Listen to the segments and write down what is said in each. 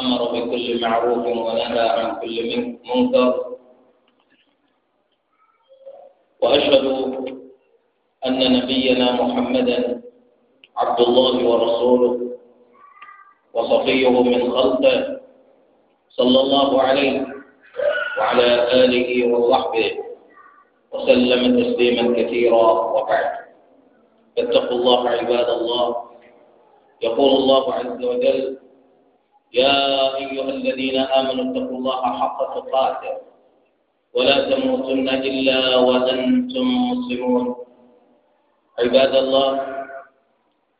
أمر بكل معروف ونهى عن كل منكر وأشهد أن نبينا محمدا عبد الله ورسوله وصفيه من خلقه صلى الله عليه وعلى آله وصحبه وسلم تسليما كثيرا وبعد فاتقوا الله عباد الله يقول الله عز وجل يا أيها الذين آمنوا اتقوا الله حق تقاته ولا تموتن إلا وأنتم مسلمون عباد الله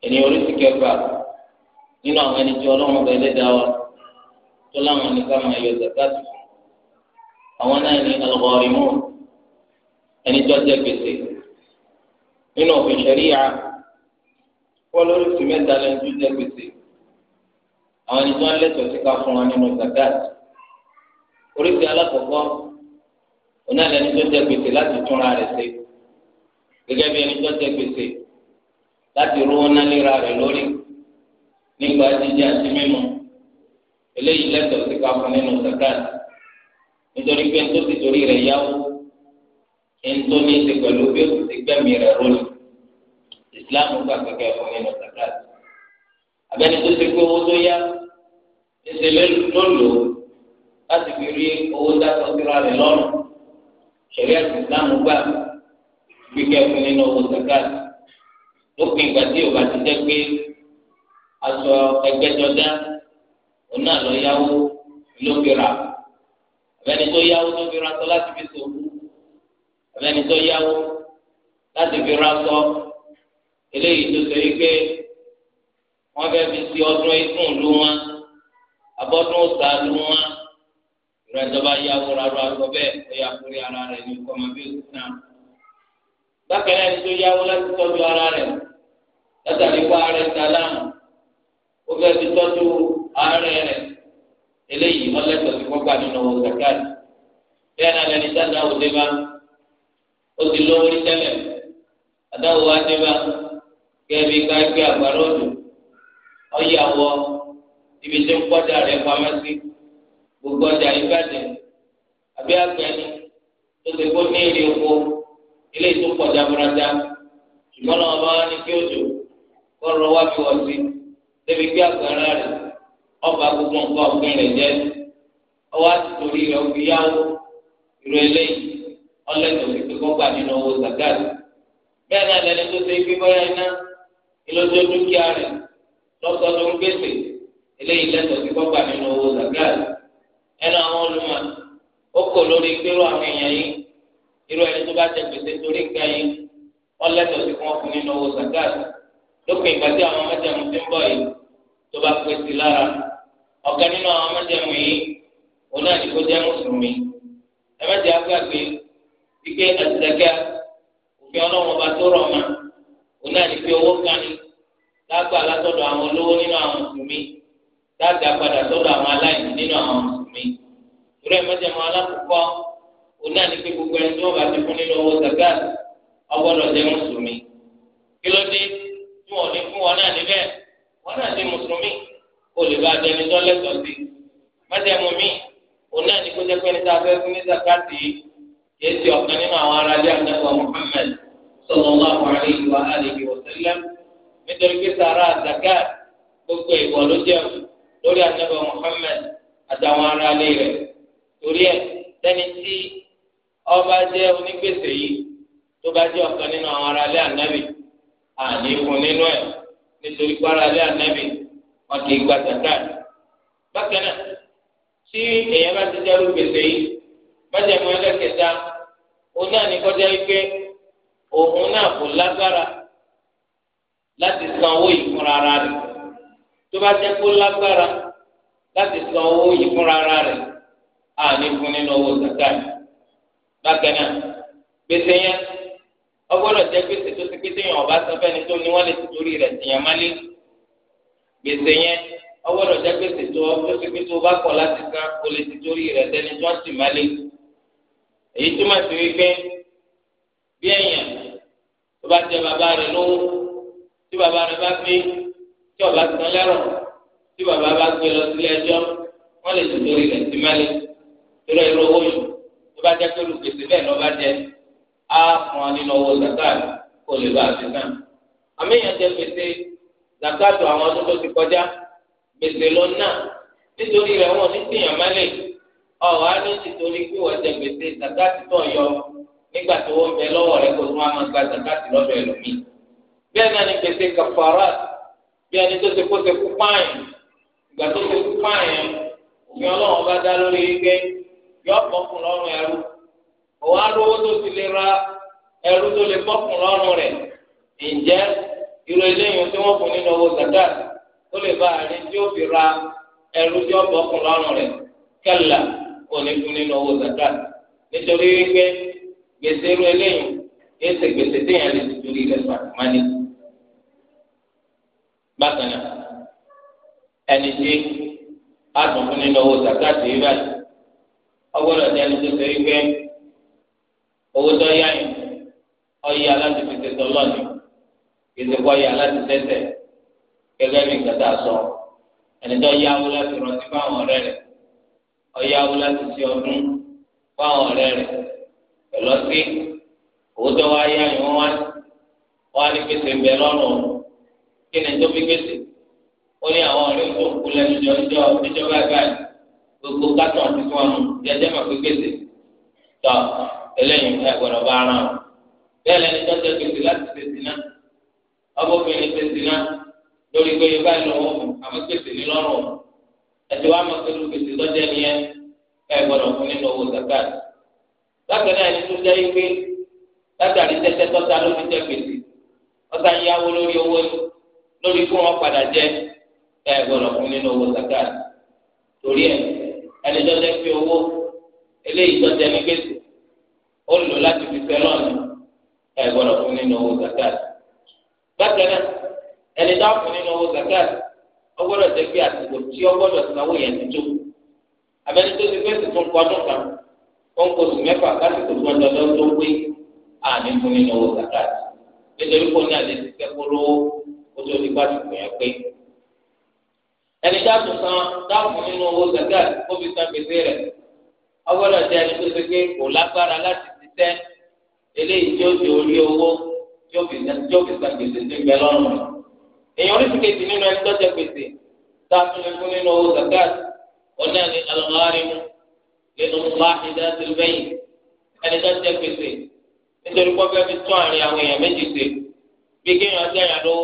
إن يورثك البعض إن أغني ẹni بين ọlọ́run ọba ẹlẹ́dàá wa tó láwọn ní ká máa yọ zakati nínú òfin ṣẹ̀ríyà wọ́n lórí fi mẹ́ta lẹ́nu tó jẹ́ gbèsè àwọn ẹni tó ń lẹ́tọ̀ọ́ sí ká fún wọn nínú zakat oríṣi alákọ̀ọ́kọ́ oní ẹni tó jẹ́ gbèsè láti túnra rẹ̀ ṣe gẹ́gẹ́ bí ẹni tó jẹ́ gbèsè láti rówó nálera rẹ̀ lórí nígbà jíjẹ àti mímu eléyìí lẹ́tọ̀ọ́ sí fún nínú zakat nítorí pé ń tó ti torí rẹ̀ yáwó ntó ní ṣe pẹ̀lú bí o ti gbẹ̀mí rẹ̀ lónìí islam gba kẹ̀kẹ́ fún nínú zakat abẹ́ni tó ti pé owó tó yá ẹsẹ̀ lólo láti fi rí owó dákọ̀ síra rẹ̀ lọ́rùn ṣẹ̀ríà islam gba kẹ̀kẹ́ fún nínú owó zakat lópin ìgbà tí o bá ti jẹ́ pé aṣọ ẹgbẹ́jọdá òun náà lọ yáwó ló rà abẹ́ni tó yáwó tó rà sọ láti fi sòkú ẹlẹ́ni tó yáwó láti fi rásọ eléyìí tó ṣe wípé wọ́n fẹ́ fi sí ọdún ikún ìlú wọn abọ́dún ọ̀sà ìlú wọn ìrẹ̀jọba yáwó rárá aṣọ bẹ́ẹ̀ ó yà kúrẹ́ ara rẹ̀ ní ọkọ̀ ọmọ bí ó ti náà. bákan náà ẹni tó yáwó láti tọ́jú ara rẹ̀ látàrí kó ara rẹ̀ sálámù ó fẹ́ fi tọ́jú ara rẹ̀ eléyìí ọlẹ́tọ̀ọ́ ti kọ́gbà nínú ọ̀sàkárì bẹ́ẹ̀ náà lẹni dáadáa ò dé otu ti lówó ní tẹ́lẹ̀ adáwò wa dé bá kẹ́ẹ̀bí ká gbé ibi tí ń kọjá rẹ̀ pamọ́ gbogbo ọjà ìbàdàn àbí àgbẹ̀ni tó ti kó ní èrè oko ilé tó kọjá ṣùgbọ́n náà ní kí kọ́ wá fi wọ́n ọba gbogbo nǹkan ọ̀gbìn rẹ̀ jẹ́ ọwọ́ àti torí òbí yáwó ìrọ̀ eléyìí. ọlẹ́tọ̀ọ́ sí pé kọ́gbà nínú owó zakat bẹ́ẹ̀ náà lẹni tó ṣe pé bọ́yá iná ìlọ́jọ́ dúkìá rẹ̀ lọ́sọ̀ọ́dún gbèsè eléyìí lẹ́tọ̀ọ́ sí kọ́gbà nínú owó zakat ẹnu àwọn olùmọ̀ ó kò lórí pẹ̀lú àwọn èèyàn yìí irú ẹni tó bá jẹ gbèsè torí nǹkan yìí ọlẹ́tọ̀ọ́ sí fún ọkùnrin nínú owó zakat lópin ìgbà tí àwọn mẹ́jẹ̀mú ti ń bọ̀ yìí tó bá pè sí lára ọ̀kan nínú àwọn mẹ́jẹ̀mú yìí òun náà ní kó jẹ́ mùsùlùmí ẹ̀mẹ́jẹ̀ á ìgbé àtìlẹ́gà òfin ọlọ́wọ́n bá tó rọ̀ ma òun náà ní pé owó kání lágbà látọ̀dọ̀ àwọn olówó nínú àwọn mùsùlùmí dáàgà padà sọ́dọ̀ àwọn aláìní nínú àwọn mùsùlùmí torí ẹ̀ mọ́jẹ̀mọ́ alákòókò òun náà ní pé gbogbo ẹni tí wọ́n bá ti fún nínú owó zaga ọgbọ́dọ̀ jẹ́ mùsùlùmí kí ló dé tí wọ́n ní fún wọn náà níbẹ̀ wọn náà ní mùsùlùmí kó lè bá adẹni tọ́lẹ̀ tọ́sí mọ́jẹ̀mọ́ mi òun náà ní kó jẹ́ pé ní yéésì ọ̀kan nínú àwọn aráalé àdàbọ̀ Muhammad sallallahu alayhi wa alihi wa sallam nítorí pé sàrà àdàgà gbogbo ìwọ ló jẹ lórí àdàbọ̀ Muhammad àtàwọn aráalé rẹ̀ torí ẹ̀ sẹ́ni tí ọba jẹ́ onígbèsè yìí tó bá jẹ́ ọ̀kan nínú àwọn aráalé ànábì májẹ̀mú ẹlẹ́kẹta òun náà ní kọjá wípé òun náà kò lágbára láti san owó yìí fúnra ara rẹ̀ tó bá jẹ́ kó lágbára láti san owó yìí fúnra ara rẹ̀ á ní fún nínú owó zakat bákan náà gbèsè yẹn ọgbọ́dọ̀ jẹ́ gbèsè tó ti pété yàn ọba sanfẹ ni tó ní wọn lè ti torí rẹ̀ tìyàn má lé gbèsè yẹn ọgbọ́dọ̀ jẹ́ gbèsè tó ti pété o bá kọ̀ láti san o lè ti torí rẹ̀ tẹni tó ń tì má èyí túmọ̀ sí wípé bí èèyàn tó bá jẹ bàbá rẹ̀ lówó tí bàbá rẹ̀ bá gbé tí ọba san lẹ́rọ̀ tí bàbá bá gbé lọ sílé ẹjọ́ wọ́n lè tún torí rẹ̀ sí mẹ́lẹ̀ irú irú owó yìí tó bá jẹ́ pé olùgbèsè bẹ́ẹ̀ lọ bá jẹ á fún ọ nínú owó zakat kó lè bá a fi sàn. àmì èèyàn jẹ gbèsè zakat àwọn ọdún tó ti kọjá gbèsè lọ náà nítorí rẹ̀ wọ́n ní tìyàn mẹ́lẹ̀ yìí ọ̀rọ̀ á ní tìtorí pé wọ́n jẹ gbèsè zakati tó yọ nígbà tó wọ́n bẹ lọ́wọ́ rẹ kó tó wọ́n máa gba zakati lọ́dọ̀ ẹlòmíì. bí ẹni àni gbèsè kàfàrà bí ẹni tó ṣe kó ṣe kú páyìn ìgbà tó ṣe kú páyìn òfin ọlọ́run bá dá lórí ike yọ pọ̀kùn lọ́rùn ẹrú òun á lówó tó ti lè ra ẹrú tó lè pọ̀kùn lọ́rùn rẹ̀ ǹjẹ́ irú eléyìí tí wọ́n fún nínú owó zakati ó lè bá àárín tí ó fi ra ẹrú tí ó pọ̀kùn lọ́rùn rẹ̀ kẹ́lá kò ní fún nínú owó zakat nítorí wípé gbèsè irú eléyìí yé ṣe gbèsè téèyàn lè ti torí rẹ̀ fàtìmánì. bákan náà ẹni tí a tún fún nínú owó zakat yìí báyìí ọgbọ́dọ̀ ní ẹni tó ṣe wípé owó tó yá yìí ọyẹ aláti fi ṣe tọ́lọ́ọ̀nì ìṣèkọ́ yẹ aláti tẹ́tẹ̀ gẹ́gẹ́ bí nǹkan tá a sọ ẹni tó yáwó láti rántí fáwọn ọ̀rẹ́ rẹ̀ ọ̀yáwó láti ṣe ọdún fáwọn ọ̀rẹ́ rẹ̀ pẹ̀lú ọtí òótọ́ wa yá ìwọ́n wá wá ní gbèsè ń bẹ lọ́rùn kí ni tó fi ó ní àwọn ọ̀rẹ́ tó kú lẹ́nu jọ gbogbo àti tó jẹjẹ máa fi tọ eléyìí ẹ bá ara wọn bẹ́ẹ̀ lẹni tó jẹ láti náà náà lórí pé yorùbá ní lọ́rùn ẹtì wa máa pẹ̀lú gbèsè lọjẹ nìyẹn ẹ gbọ́dọ̀ fún nínú owó zakat bákan náà ẹni tó jẹ ìwé látàrí tẹtẹ tọta ló fi jẹ gbèsè ọta yáwó lórí owó lórí fún wọn padà jẹ ẹ gbọ́dọ̀ fún nínú owó zakat torí ẹ ẹni tó jẹ fi owó eléyìí tó jẹ ní gbèsè ó lò láti fi fẹ lọ́nà ẹ gbọ́dọ̀ fún nínú owó zakat bákan náà ẹni tó fún nínú owó zakat ọgbọ́dọ̀ jẹ́ pé àsìkò tí ọgbọ́dọ̀ sanwó yẹn ti tó abẹ́ni tó ti fẹ́ẹ́ tuntun kọ́ ọdún kan ó ń kóso mẹ́fà kásìkò tó ń dandan tó pé àní fún nínú owó zakat nítorí kó ní àlẹ́ ti fẹ́ kóró ó tó ní pàṣípò yẹn pé ẹni dáàbò san dáàbò nínú owó zakat kó fi san gbèsè rẹ̀ ọgbọ́dọ̀ jẹ́ ẹni tó ti pé kò lágbára láti ti tẹ́ eléyìí tí ó di orí owó tí ó fi san gbèsè tó ń bẹ lọ́rùn èèyàn oríṣi kejì nínú ẹni tọ́jà gbèsè táàtún lè fún nínú owó zakat ọ̀nà ni alùpàrìmù nínú láàrin dáadéé bẹ́yìn ẹni tọ́jà gbèsè nítorí pọ́fẹ́ fi tún àárín àwọn èèyàn méjì ṣe bí kéèyàn ọjà yàn lówó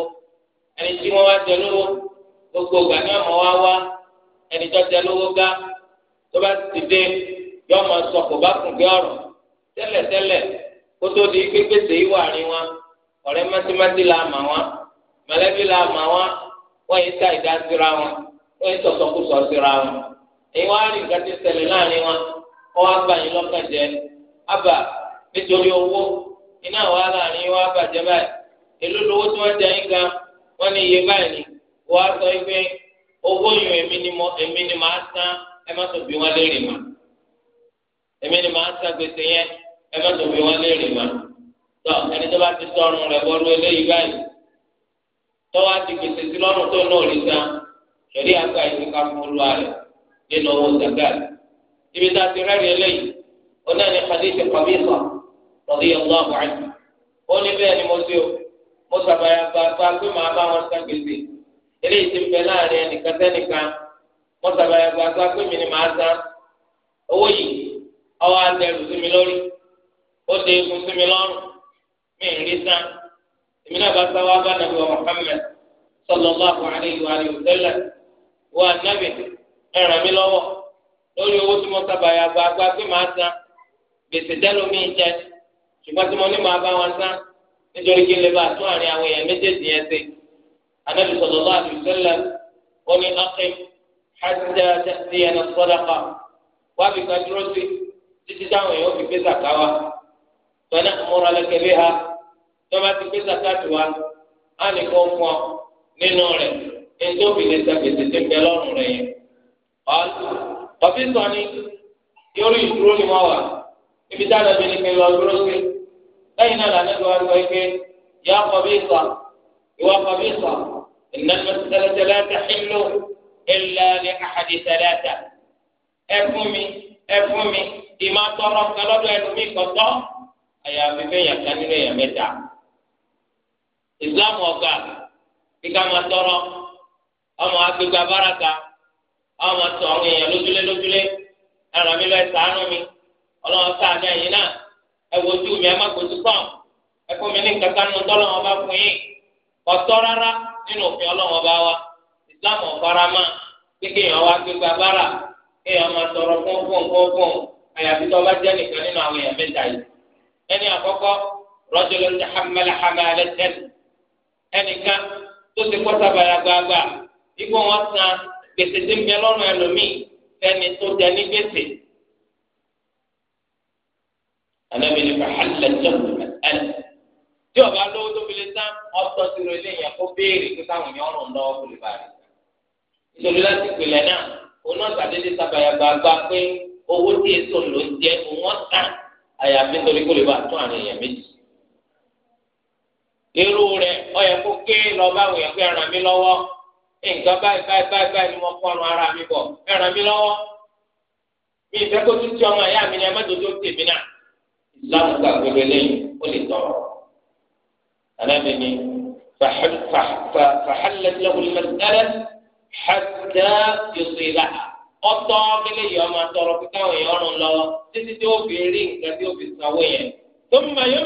ẹni tí wọ́n wá jẹ lówó gbogbo ìgbà ní ọmọ wa wá ẹni tọ́jà lówó gá tó bá ti dé yọ ọmọ sọ kò bá kùn bí ọ̀rọ̀ tẹ́lẹ̀tẹ́lẹ̀ kótó di gbégbèsè ìwà àárín wọn ọ̀rẹ́ mátímátí la mà wọn mọ̀lẹ́bí la mà wọn wọn yìí ká ìdá síra wọn wọn yìí sọsọkúsọ síra wọn èyí wọn á rí nǹkan tí ń ṣẹlẹ̀ láàrin wọn wọn wá gbà yín lọ́kàn jẹ́ àbà nítorí owó iná wàá láàrin wọn àbàjẹ́ báyìí èló lówó tí wọn jẹ yín gan wọn ní iye báyìí ni wọn á sọ pé owó yìí èmi ni mo èmi ni màá san ẹ má sọ bí wọn léèrè mà èmi ni màá san gbèsè yẹn ẹ má sọ bí wọn léèrè mà tọ ẹni tó bá ti sọrùn rẹ bọ́ọ̀rù eléyìí báyìí tọ́wọ́ ti gbèsè sí lọ́rùn tó náà rí san ṣẹ̀rí àgbà ìlú ká fún olúwa rẹ̀ nínú owó zakat. ibi tá a ti rẹ́rìn eléyìí ọ̀nà ni hadith Qabisa radiyallahu anhu. ó ní bẹ́ẹ̀ ni mo ṣe o mo sàbàyà gbàgbà pé màá bá wọn san gbèsè eléyìí ti bẹ láàrin ẹnìkan sẹ́nìkan mo sàbàyà gbàgbà pé mi ni màá san owó yìí ọwọ́ àtẹrù sí mi lórí ó de egun sí mi lọ́rùn mi ì Emina náà bá sáwá bá nàbí wa Muhammad sallallahu alayhi wa sallam wa nàbì ẹ̀ràn mi lọ́wọ́ lórí owó tí mo sábàyà gba gba pé màá san gbèsè tẹ́lu mi jẹ ṣùgbọ́n tí mo ní màá bá wọn san nítorí kí n lè bá tún àárín àwọn èèyàn méjèèjì anabi sallallahu tọ́ba ti gbé zakati wa á ní kó fún ọ nínú rẹ̀ nítorí lè sàgbèsè tó bẹ lọ́rùn rẹ̀ yẹn. ọ̀fíìsì wọn ni yọrí ìdúró ni wọ́n wà níbi tá a lọ bí ní pé lọ dúró sí lẹ́yìn náà lànà ìlú wa sọ pé yà kọ̀bíìsà ìwà kọ̀bíìsà ìnáwó tẹ́lẹ̀tẹ́lẹ̀ tẹ́lẹ̀ ìlà ní àhàdì tẹ́lẹ̀ ẹ fún mi ẹ fún mi ìmọ̀ tọrọ kẹlọ́dọ̀ ẹnu islam ọgbà kíkà máa tọrọ ọmọ agbègbè abáraka ọmọ tó àwọn èèyàn lójúlé lójúlé ẹrọ mi lọ ẹ ṣàánú mi Ọlọ́run ṣàánú ẹ̀yin náà ẹ wojú mi ẹ má gbójú pọ ẹ fún mi ní nínú tọ́lọ́ wọn bá fún yín ọ̀tọ́ wa islam ọ̀fara máa kíkẹ́ èèyàn wá gbégbá bára èèyàn máa tọrọ fún fún fún fún àyàfi tó bá jẹ́ nìkan nínú àwọn ẹnìkan tó ti kọ́ta bàrà gbàgbà igbó wọn san gbèsè tí ń bẹ lọ́rùn ẹlòmíì fẹ́ni tó jẹ ní gbèsè. Ànábi ni fàhálẹ̀ jẹ̀wò ẹ̀l. Tí ọba lówó tó fi lè tán, ọ̀sán ti ro eléyìí kó béèrè kí táwọn èèyàn rùn lọ́wọ́ kó lè bàrẹ̀. Nítorí láti pèlẹ̀ náà, òun náà sàdédé sábàyà gbàgbà pé owó tí èso ló ń jẹ òun ọ̀sán àyàfi nítorí kó lè bá tún àrùn èèyàn méjì irú rẹ ọyẹ kó ké lọ báwo yẹ kó ẹran mi lọ́wọ́ nǹkan báyìí báyìí báyìí báyìí ni mo kọrun ara mi bọ ẹran mi lọ́wọ́ mi ìfẹ́ kó tún ti ọmọ ẹ̀yà mi ni ẹmẹdodo tèmi náà ìsìlámù gba gbogbo eléyìí ó lè tọrọ anábì ni fàhálẹ́tìlẹ́kùnlẹ́mẹ́tẹ́rẹ́ hàtà yòsè là kílẹ̀ yìí ọmọ àtọrọ kíkà òyìn ọrùn lọ títí tí ó fi rí nǹkan tí ó fi sanwó yẹn tó ń ma yóò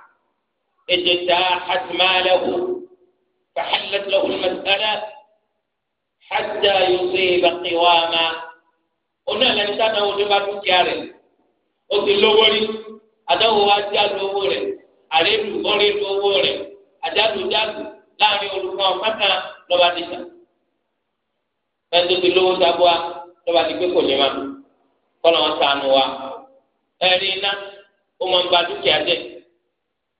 اجتاحت ماله فحلت له المسألة حتى يصيب قواما قلنا لن تنو دبا تكاري قلت اللوري أدو واجه اللوري أريد قولي اللوري أجاد جاد لا يقول لهم مكا لبا تشا فانتو تلو تابوا لبا تكيكو لما قلنا وانتانوا أرينا ومن بعد كاري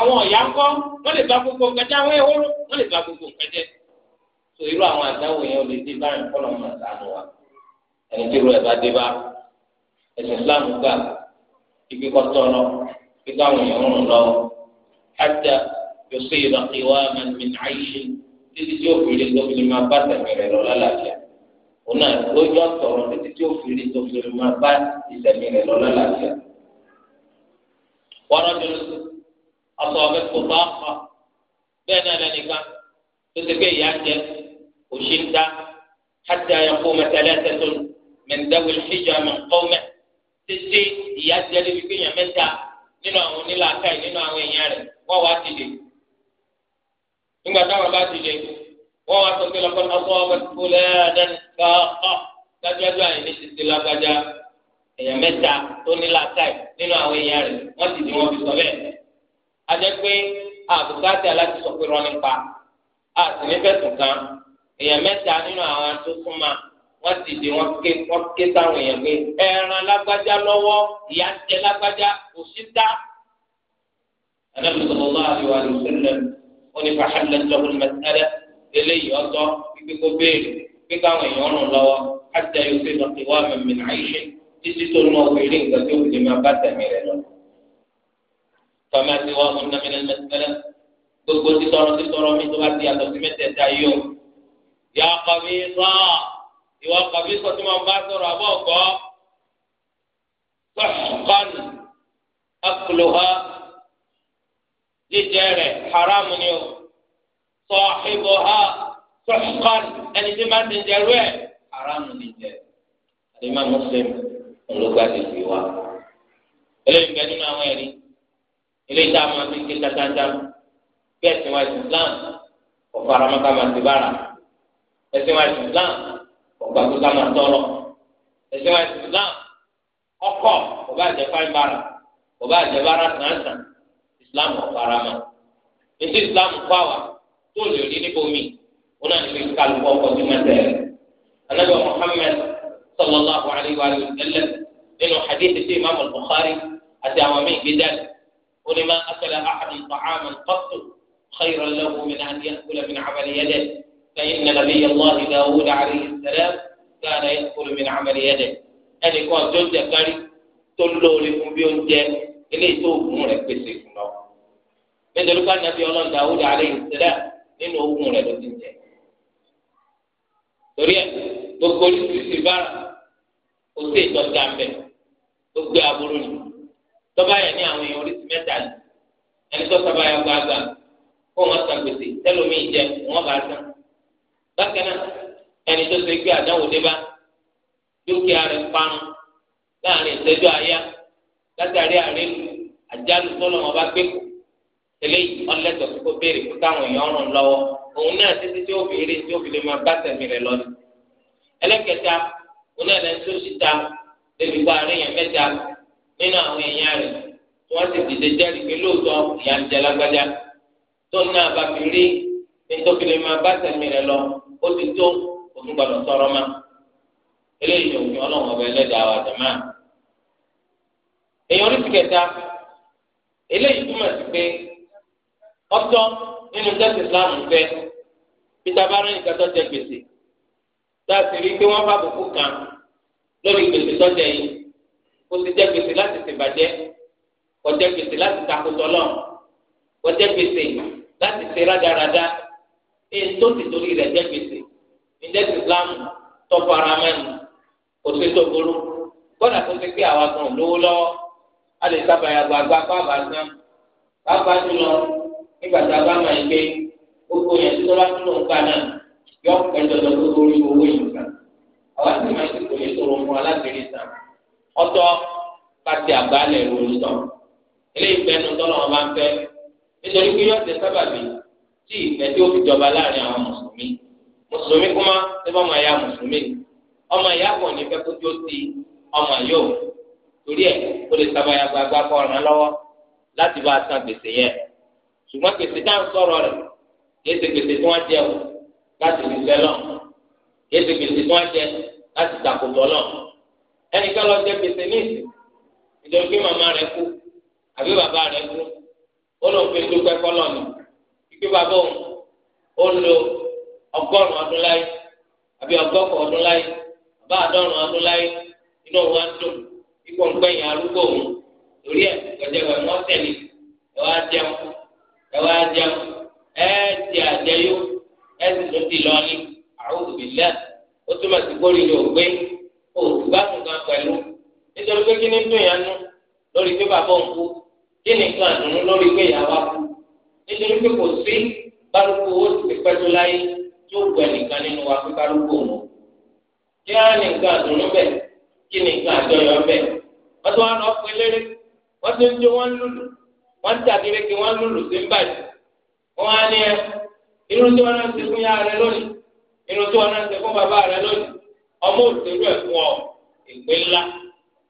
àwọn ọ̀yà ń kọ́ wọ́n lè ba gbogbo nǹkan jẹ́ àwọn ehoro wọ́n lè ba gbogbo nǹkan so irú àwọn àdáwò yẹn ò lè dé báyìí kọ́ lọ́mọ àtàánú wa ẹni tí irú ẹ̀ bá dé bá ẹ̀sìn Islam gbà ibi kọ́ tọ́ lọ bí káwọn èèyàn ń rùn lọ hatta yusiba qiwaman min 'ayshin títí tí ó fi lè tóbi máa bá tẹ̀mí rẹ̀ lọ lálàáfíà òun náà lójú ọ̀tọ̀rọ̀ títí tí ó fi lè tóbi máa bá ìtẹ̀mí rẹ̀ lọ lálàáfíà. wọ́n rọ́jò asọ̀bẹ kò bá kọ bẹ́ẹ̀ náà lẹ́nu kan tó ti pé ìyá jẹ òṣì ń dá hàtà ẹ̀kọ́ mẹtẹlẹsẹ tó mẹtẹwé ìjà mẹkọ́mẹ títí ìyá jẹ lébi pé èèyàn mẹ́ta nínú àwọn onílàákà yìí nínú àwọn èèyàn rẹ̀ wọ́n wá ti dè nígbà táwọn bá ti dè wọ́n wá sọ pé lọ́kọ́ asọ̀bẹ kò lẹ́ẹ̀dẹ́nu ká ọ́ dájúdájú àyè ní títí lágbájá èèyàn mẹ́ta tó nílàákà yìí nínú àwọn èèyàn rẹ̀ wọ́n ti dè wọ́n fi sọ bẹ́ẹ̀ adẹ́pé àbùkátà láti sọ pé rọ́ọ̀nì pa àti ní fẹ̀sùn kan èèyàn mẹ́ta nínú àwọn tó súnmọ́ wọ́n ti di wọ́n ké wọ́n ké sáwọn èèyàn pé ẹran lágbájá lọ́wọ́ ìyá ń jẹ lágbájá kò sí dá. Ànábì sallallahu alaihi wa sallam ó ní fàhálà lọ́wọ́ mẹ́tẹ́rẹ́ eléyìí ọ̀tọ̀ pípé kó béèrè pé káwọn èèyàn rùn lọ́wọ́ kájà yóò fi lọ́ọ́ ti wá mẹ́mìnà àyíṣe títí tó náà wọlé nǹkan tó fi lè máa bá tẹ̀mí fama ti wá ọ̀nà mi lẹ́nu mẹ́tẹ́lẹ́ gbogbo títọrọ títọrọ mi tó bá di àtọ̀ sí mẹ́tẹ̀ẹ̀ta yìí o. yà kọ̀bí sọ ìwọ kọ̀bí sọ tí mo bá sọ̀rọ̀ àbọ̀ ọ̀gọ́ sọ̀kan akuluha jíjẹ rẹ̀ haramu ni o sọ̀hibuha sọ̀kan ẹni tí máa ti jẹ rẹ̀ haramu ni jẹ. àdìmọ́ muslim olùgbàdì fi wá. eléyìí bẹ́ẹ̀ nínú àwọn ẹ̀rí eléyìí tá a máa fi ké dáadáa bí ẹ̀sìn wa ẹ̀sìn Islam ọ̀fọ̀ aramaka máa ti bára ẹ̀sìn wa ẹ̀sìn Islam ọ̀gbà tó ká máa tọrọ ẹ̀sìn wa ẹ̀sìn Islam ọkọ̀ ọba àjẹ fáin bára ọba àjẹ bára sàǹsàn Islam ọ̀fọ̀ arama ètò Islam kọ́ àwà tó lè rí níbo mi wọn náà ti ká lùkọ́ ọkọ̀ tó máa tẹ̀ anabi Muhammad sallallahu alayhi wa sallam nínú hadith ti imaamu Bukhari àti àwọn míì gbé jáde. ولما أكل أحد طعاما قط خيرا له من أن يأكل من عمل يده فإن نبي الله داود عليه السلام كان يأكل من عمل يده أن يكون جوجة كاري تلو لكم بيونجة إليه توقفون لك بسيكم من ذلك النبي الله داود عليه السلام nínú ogun rẹ ló ti jẹ torí ẹ gbogbo oríṣiríṣi bára kò sí ìtọ́jà mbẹ gbogbo aburú ni tọ́ba yẹn ní àwọn èèyàn oríṣi mẹ́ta ni ẹni tó tọ́ba yẹn gbàgbà kó wọ́n san gbèsè tẹ́lómìn jẹ wọ́n bá san bákan náà ẹni tó ṣe gbé àdáwò débá dúkìá rẹ̀ parun láàrin ìṣẹ́jú àáyá látàrí àárín àjálù tọ́lọ̀ wọn bá gbé kù eléyìí ọlẹ́tọ̀ tó kó béèrè fún káwọn èèyàn ràn lọ́wọ́ òun náà títí tí ó béèrè tí ó fi lè máa bá tẹ̀mí rẹ̀ lọ́nà ẹlẹ́kẹta òun náà lẹ́ni tó ṣì ta lè fi gba àárín yẹn mẹ́ta nínú àwọn èèyàn rẹ̀ tí wọ́n sì dìde jáde pé lóòótọ́ ìyá ń jẹ lágbájá tó ní abàfi rí nítorí lè máa bá tẹ̀mí rẹ̀ lọ ó ti tó òfin gbọdọ̀ sọ̀rọ̀ ma eléyìí ni òfin ọlọ́run ọba ẹlẹ́dàá wa jàmá. èèyàn orí ti kẹta eléyìí túmọ̀ sí pé ọ̀tọ̀ nínú tẹ́sí ìsìláàmù fẹ́ peter barron ìkàtọ́ jẹ gbèsè tá a sì rí i pé wọ́n bá bùkún kan lórí gbèsè tọ́jà yìí ó ti jẹ́ gbèsè láti ṣèbàjẹ́ ọjẹ́ gbèsè láti takùtọ̀ lọ ọjẹ́ gbèsè láti ṣe rádaràda èyí tó ti torí rẹ̀ gbèsè ìjẹ́ ti Islam tọ́pọ̀ ara mẹ́nu kò sí tó burú gbọ́dọ̀ tó ti pé àwa gan lówó lọ́wọ́ a lè sábàyà gbàgbà bàbà sàn bàbá jùlọ nígbà tá a bá máa ń gbé gbogbo yẹn tó bá tún lò ń náà yọ pẹ́ dandan tó lórí owó yìí kan àwa sì máa ń ṣètò ìṣòro fún aláṣẹ ní sàn ọ̀tọ̀ pàṣẹ àgbálẹ ìròyìn sọ eléyìí fẹnu tọnà wọn bá ń fẹ́ nítorí pé yọọsẹ sábàbí tí ìfẹ́ tí ó fi jọba láàrin àwọn mùsùlùmí mùsùlùmí kúmá ṣé bá ọmọ ẹ̀yà mùsùlùmí ọmọ ẹ̀yà kò ní fẹ́ kó tó ti ọmọ yóò torí ẹ kó lè sábàyà gbàgbà kọ ọ̀ràn lọ́wọ́ láti bá a san gbèsè yẹn ṣùgbọ́n gbèsè dá ń sọ̀rọ̀ rẹ̀ kìí ṣe gbèsè tí wọ́n jẹ o láti fi fẹ́ lọ kìí ṣe gbèsè tí wọ́n jẹ láti tàkùtọ̀ lọ ẹnìkan lọ jẹ gbèsè ní ìsìn ìdọ̀rọ̀ pé màmá rẹ̀ kú àbí bàbá rẹ̀ kú ó lọ fi dúpẹ́ kọ́lọ́ọ̀nù pípé bàbá òun ó lo ọgọ́rùn-ún ọdún láyé àbí ọgọ́kọ̀ ọdún láyé bàbá àdọ́rùn-ún ọdún láyé inú òun á dùn ipò ńgbẹ̀yìn arúgbó òun torí ẹ̀ gbẹ̀dẹ̀ wẹ̀ wọ́n tẹ̀lé ẹ wá jẹun ẹ wá jẹun ẹ ti àjẹyó ẹ sì tún ti lọ́ọ́lì àrùn òbí lẹ́ẹ̀ ó túmọ̀ sí kórìí ní nítorí pé kí ni dùn yẹn nú lórí pé bàbá òun kú kí ni nǹkan àdùnnú lórí pé ìyàwó kú nítorí pé kò sí bálùkù owó ti pẹ́ tó láyé tó gbọ ẹnìkan nínú wa pé bálùkù òun kí á ní nǹkan àdùnnú bẹ̀ kí ni nǹkan àjọyọ̀ bẹ̀ wọ́n tún wá lọ pé lérè wọ́n tún jó wọ́n lùlù wọ́n tàbílẹ̀ kí wọ́n lùlù sí ń bàjẹ́ wọ́n á ní ẹ irun tí wọ́n náà ti fún yàrá rẹ lónìí irun tí wọ́n náà ti fún bàbá rẹ lónìí ọmọ òṣèlú ẹ̀ fún ọ ìpín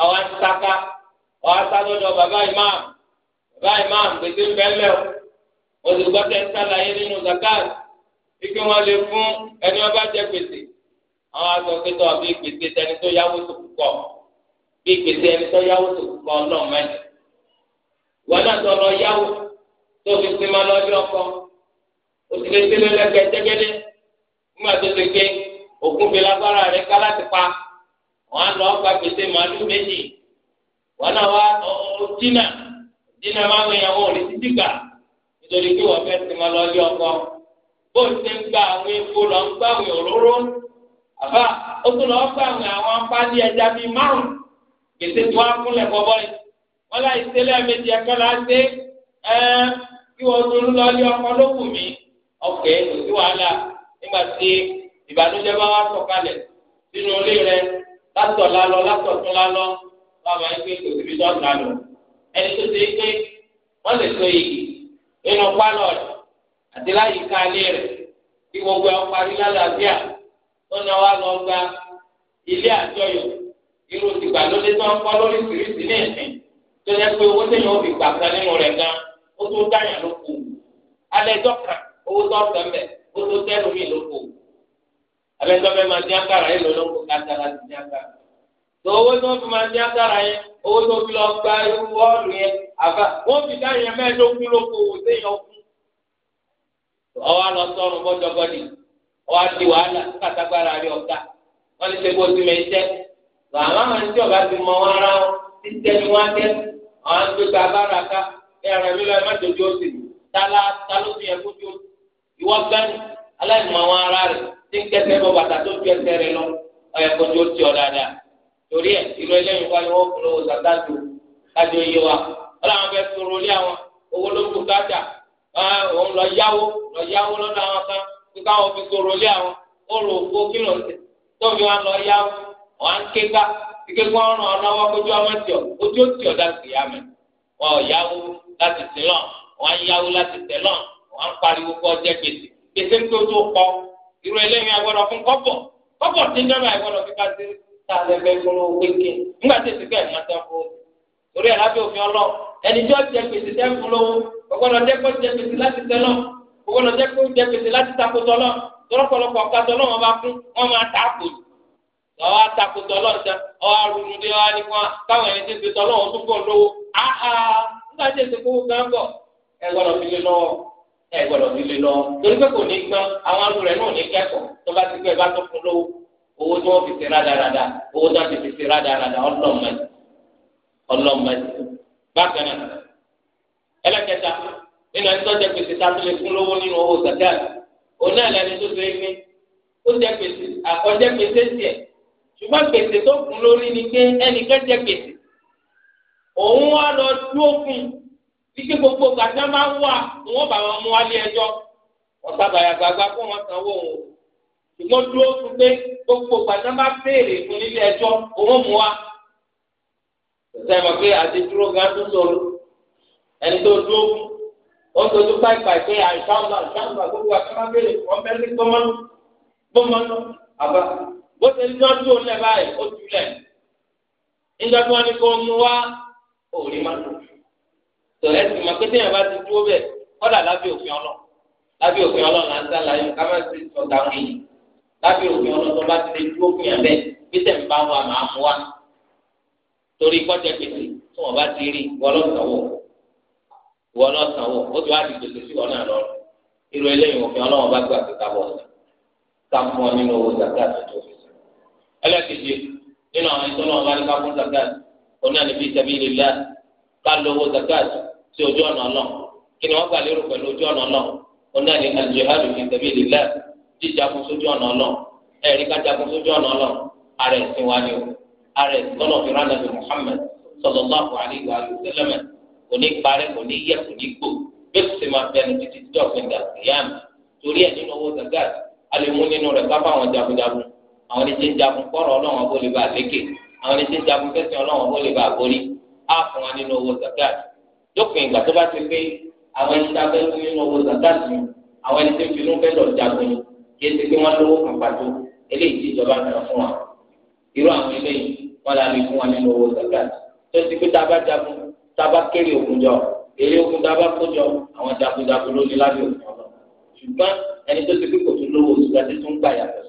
àwọn asitaka àwọn asalọdọ bàbá imam bàbá imam gbèsè ńbẹ́lẹ̀ o òsèlúgbọ́tẹ̀ sàlàyé nínú zakat ike wọn lè fún ẹni wọn bá jẹ gbèsè àwọn asọ̀kẹ́tọ̀ bí gbèsè tẹni tó yáwó tó kọ̀ bí gbèsè ẹni tó yáwó tó kọ̀ náà mẹ́rin wọn náà tó lọ yáwó tó fi pín ma lọ́jọ́ ọkọ òsèlè sílẹ̀ lẹ́gbẹ̀ẹ́ jẹ́gẹ́dẹ́ fún àtúntò ké òkú lágbára rẹ̀ ká láti pa. wọn lọ gba gbèsè màálù méjì wọn náà wá dínà dínà máa ń yàn wọn ò lè títí gbà nítorí pé wọn fẹẹ lọ ọkọ bó ṣe ń gba àwọn epo lọ ń gba àwọn òróró àbá ó tún lọ gba àwọn àwọn apáni ẹja bíi márùn gbèsè tó wá wọn láì ọkọ kò sí wàhálà nígbà tí látọ̀ lálọ látọ̀ tún lálọ bàbá yìí pé kò síbi tó ń lálọ ẹni tó ṣe é wọ́n lè so igi nínú pálọ̀ rẹ̀ àti láyìí ká ilé rẹ̀ kí gbogbo ẹ̀ parí lálàáfíà tó náà wá lọ gba ilé àjọyọ̀ irú tìgbà tó ń kọ́ lórí ní ẹ̀sìn tó pé owó tẹ̀yìn nínú rẹ̀ gan ó abẹ́ńtọ́fẹ́ máa dín àkàrà yẹn lọ́nà kó káta láti dín àkàrà tó owó tó fi máa dín àkàrà yẹn owó tó fi lọ gba irú ọ̀rù yẹn àbá wọ́n fi dá yẹn mẹ́ẹ̀ẹ́dógún lóko owó séyàn kú ọwọ́ àlọ́ sọ́run bọ́jọ́gọ́dì ọwọ́ àti wàhálà kàtàgbára rí ọ̀tá wọ́n ti ṣe bó ti mẹ́ iṣẹ́ làwọn àwọn ẹni tí ọba ti mọ wọn ara ti tẹ́ ni wọ́n tẹ́ àwọn àti gbogbo abára tala talo fi yẹn kó tó ìwọ gánì aláìmọ̀ tí ń kẹsẹ̀ bọ́ bàtà tó ju ẹsẹ̀ rẹ lọ ọ̀yẹ̀ kó tó ti ọ̀ dáadáa torí ẹ̀ ìlú ẹlẹ́yìn wáyé wọ́n kúrò wò sàtà tó kájọ yé wa wọ́n làwọn fẹ́ sọ̀rọ̀ lé àwọn owó ló kù kájà òun lọ yáwó lọ yáwó lọ́dọ̀ àwọn kan kí káwọn fi sọ̀rọ̀ lé àwọn ó rò ó kí lọ sí tó fi wọn lọ yáwó wọn á ń ké ká ike kó ọrùn ọlọ́wọ́ kójú ọmọ tì ọ ojú tì ọ láti yá mi wọn ò yáwó láti sílọ̀ wọn á yáwó láti tẹ̀lọ̀ wọn á pariwo kó ọjẹ́ gbèsè gbèsè tó tó pọ̀ irú eléyìí agbọ́dọ̀ fún kọ́pọ̀ kọ́pọ̀ tí ń dẹ́rọ àgbọ́dọ̀ fi ká sí ta lẹ́gbẹ́ fún wíkì nígbà tí èsìkẹ́ ẹ̀ máa tẹ́ fún orí òfin ọlọ́ ẹni tí ó jẹ tẹ́ fún ọgbọ́dọ̀ jẹ́ kó jẹ láti tẹ́ ọgbọ́dọ̀ jẹ́ kó jẹ láti tọ́lọ́pọ̀lọpọ̀ kátó bá fún wọ́n máa ẹ gbọ́dọ̀ nílé lọ torí pé kò ní gbọ́n àwọn arúgbó rẹ̀ náà ní kẹ́kọ̀ọ́ tó bá ti gbé bá tó fún lówó owó tí wọ́n fi ṣe rádaràda owó tí wọ́n fi ṣe rádaràda ọlọ́mọdé ọlọ́mọdé bákan náà ẹlẹ́kẹta nínú ẹni tó jẹ gbèsè tá a tó lè fún lówó nínú owó zakat òun náà lẹni tó ṣe é ó jẹ gbèsè àkọjẹ gbèsè tiẹ̀ ṣùgbọ́n gbèsè tó kún lórí ni pé ẹnìkan jẹ gbèsè òun wá lọ dúó fún un ike gbogbo gbàtà máa ń wà wọn bá wọn mú wálé ẹjọ́ wọn sábàyà gbàgbà kó wọn sanwó o ṣùgbọ́n dúró fún pé gbogbo gbàtà máa béèrè fún nílé ẹjọ́ òun mú wa sẹ́yìn mọ̀ pé àti dúró gan tó sọ̀rọ̀ ẹni tó dúró fún ó ń tọ́jú páìpáì pé àìsàmùlà àìsàmùlà gbogbo gbàtà máa béèrè fún ọmọ ẹni gbọ́mọ́nú gbọ́mọ́nú àbá bó ṣe ń tọ́jú òun lẹ̀ báyìí ó tu lẹ̀ nígbà tí wọ́n ní mú wa òòrì máa dùn tó ẹ sì mọ pé téèyàn bá ti dúró bẹ́ẹ̀ kọ́dà lábẹ́ òfin ọlọ́ lábẹ́ òfin ọlọ́ là ń sálàyé ká má sì sọ dáhùn yìí lábẹ́ òfin ọlọ́ tó bá ti lè dúró fún yàn bẹ́ẹ̀ bí tẹ̀ ń bá wa màá mú wa torí kọ́jà gbèsè tí wọ́n bá ti rí wọlọ́sàwọ̀ wọlọ́sàwọ̀ ó ti wá di gbèsè sí ọ̀nà lọ irú eléyìí òfin ọlọ́wọ́n bá gbà kíkà bọ̀ sí ká fún ọ nínú owó zakat tó fi sí. ẹlẹ́kẹ̀jẹ nínú àwọn ìtọ́nà ọ̀gá ní ká fún zakat oní àníbi bá lówó zakat sí ojú ọ̀nà ọlọ́run kí ni wọ́n gbà lérò pẹ̀lú ojú ọ̀nà ọlọ́run ó náà ní aljihadu fi sabilillah jíjagun sójú ọ̀nà ọlọ́run ẹ̀rí kájagun sójú ọ̀nà ọlọ́run ara ẹ̀sìn wa ni o ara ẹ̀sìn lọ́nà fi rán nàbì Muhammad sallallahu alayhi wa sallam kò ní parẹ́ kò ní yẹ kò ní gbò bí ó sì máa bẹnu zakat alimu nínú rẹ̀ káfá àwọn jagunjagun àwọn ẹni tí ń jagun kọ́rọ̀ ọlọ́run ọbọ̀ lè bá lékè àwọn ẹni tí á fún wa nínú owó zakat lópin ìgbà tó bá ti pé àwọn ẹni tá a fẹ́ fún nínú owó zakat yẹn àwọn ẹni tó ń finú fẹ́ lọ jagun yẹn kí ẹ ti pé wọ́n lówó kan pàtó eléyìí tí ìjọba ń tàn fún wa irú àwọn eléyìí wọ́n la lè fún wa nínú owó zakat tó ti pé tá a bá jagun tá a bá kéré òkun jọ èrè ogun tá a bá kójọ àwọn jagunjagun ló ní lábẹ́ òkun ọ̀nà ṣùgbọ́n ẹni tó ti kíkò tún lówó oṣù gàdé tó ń gbà yàtọ̀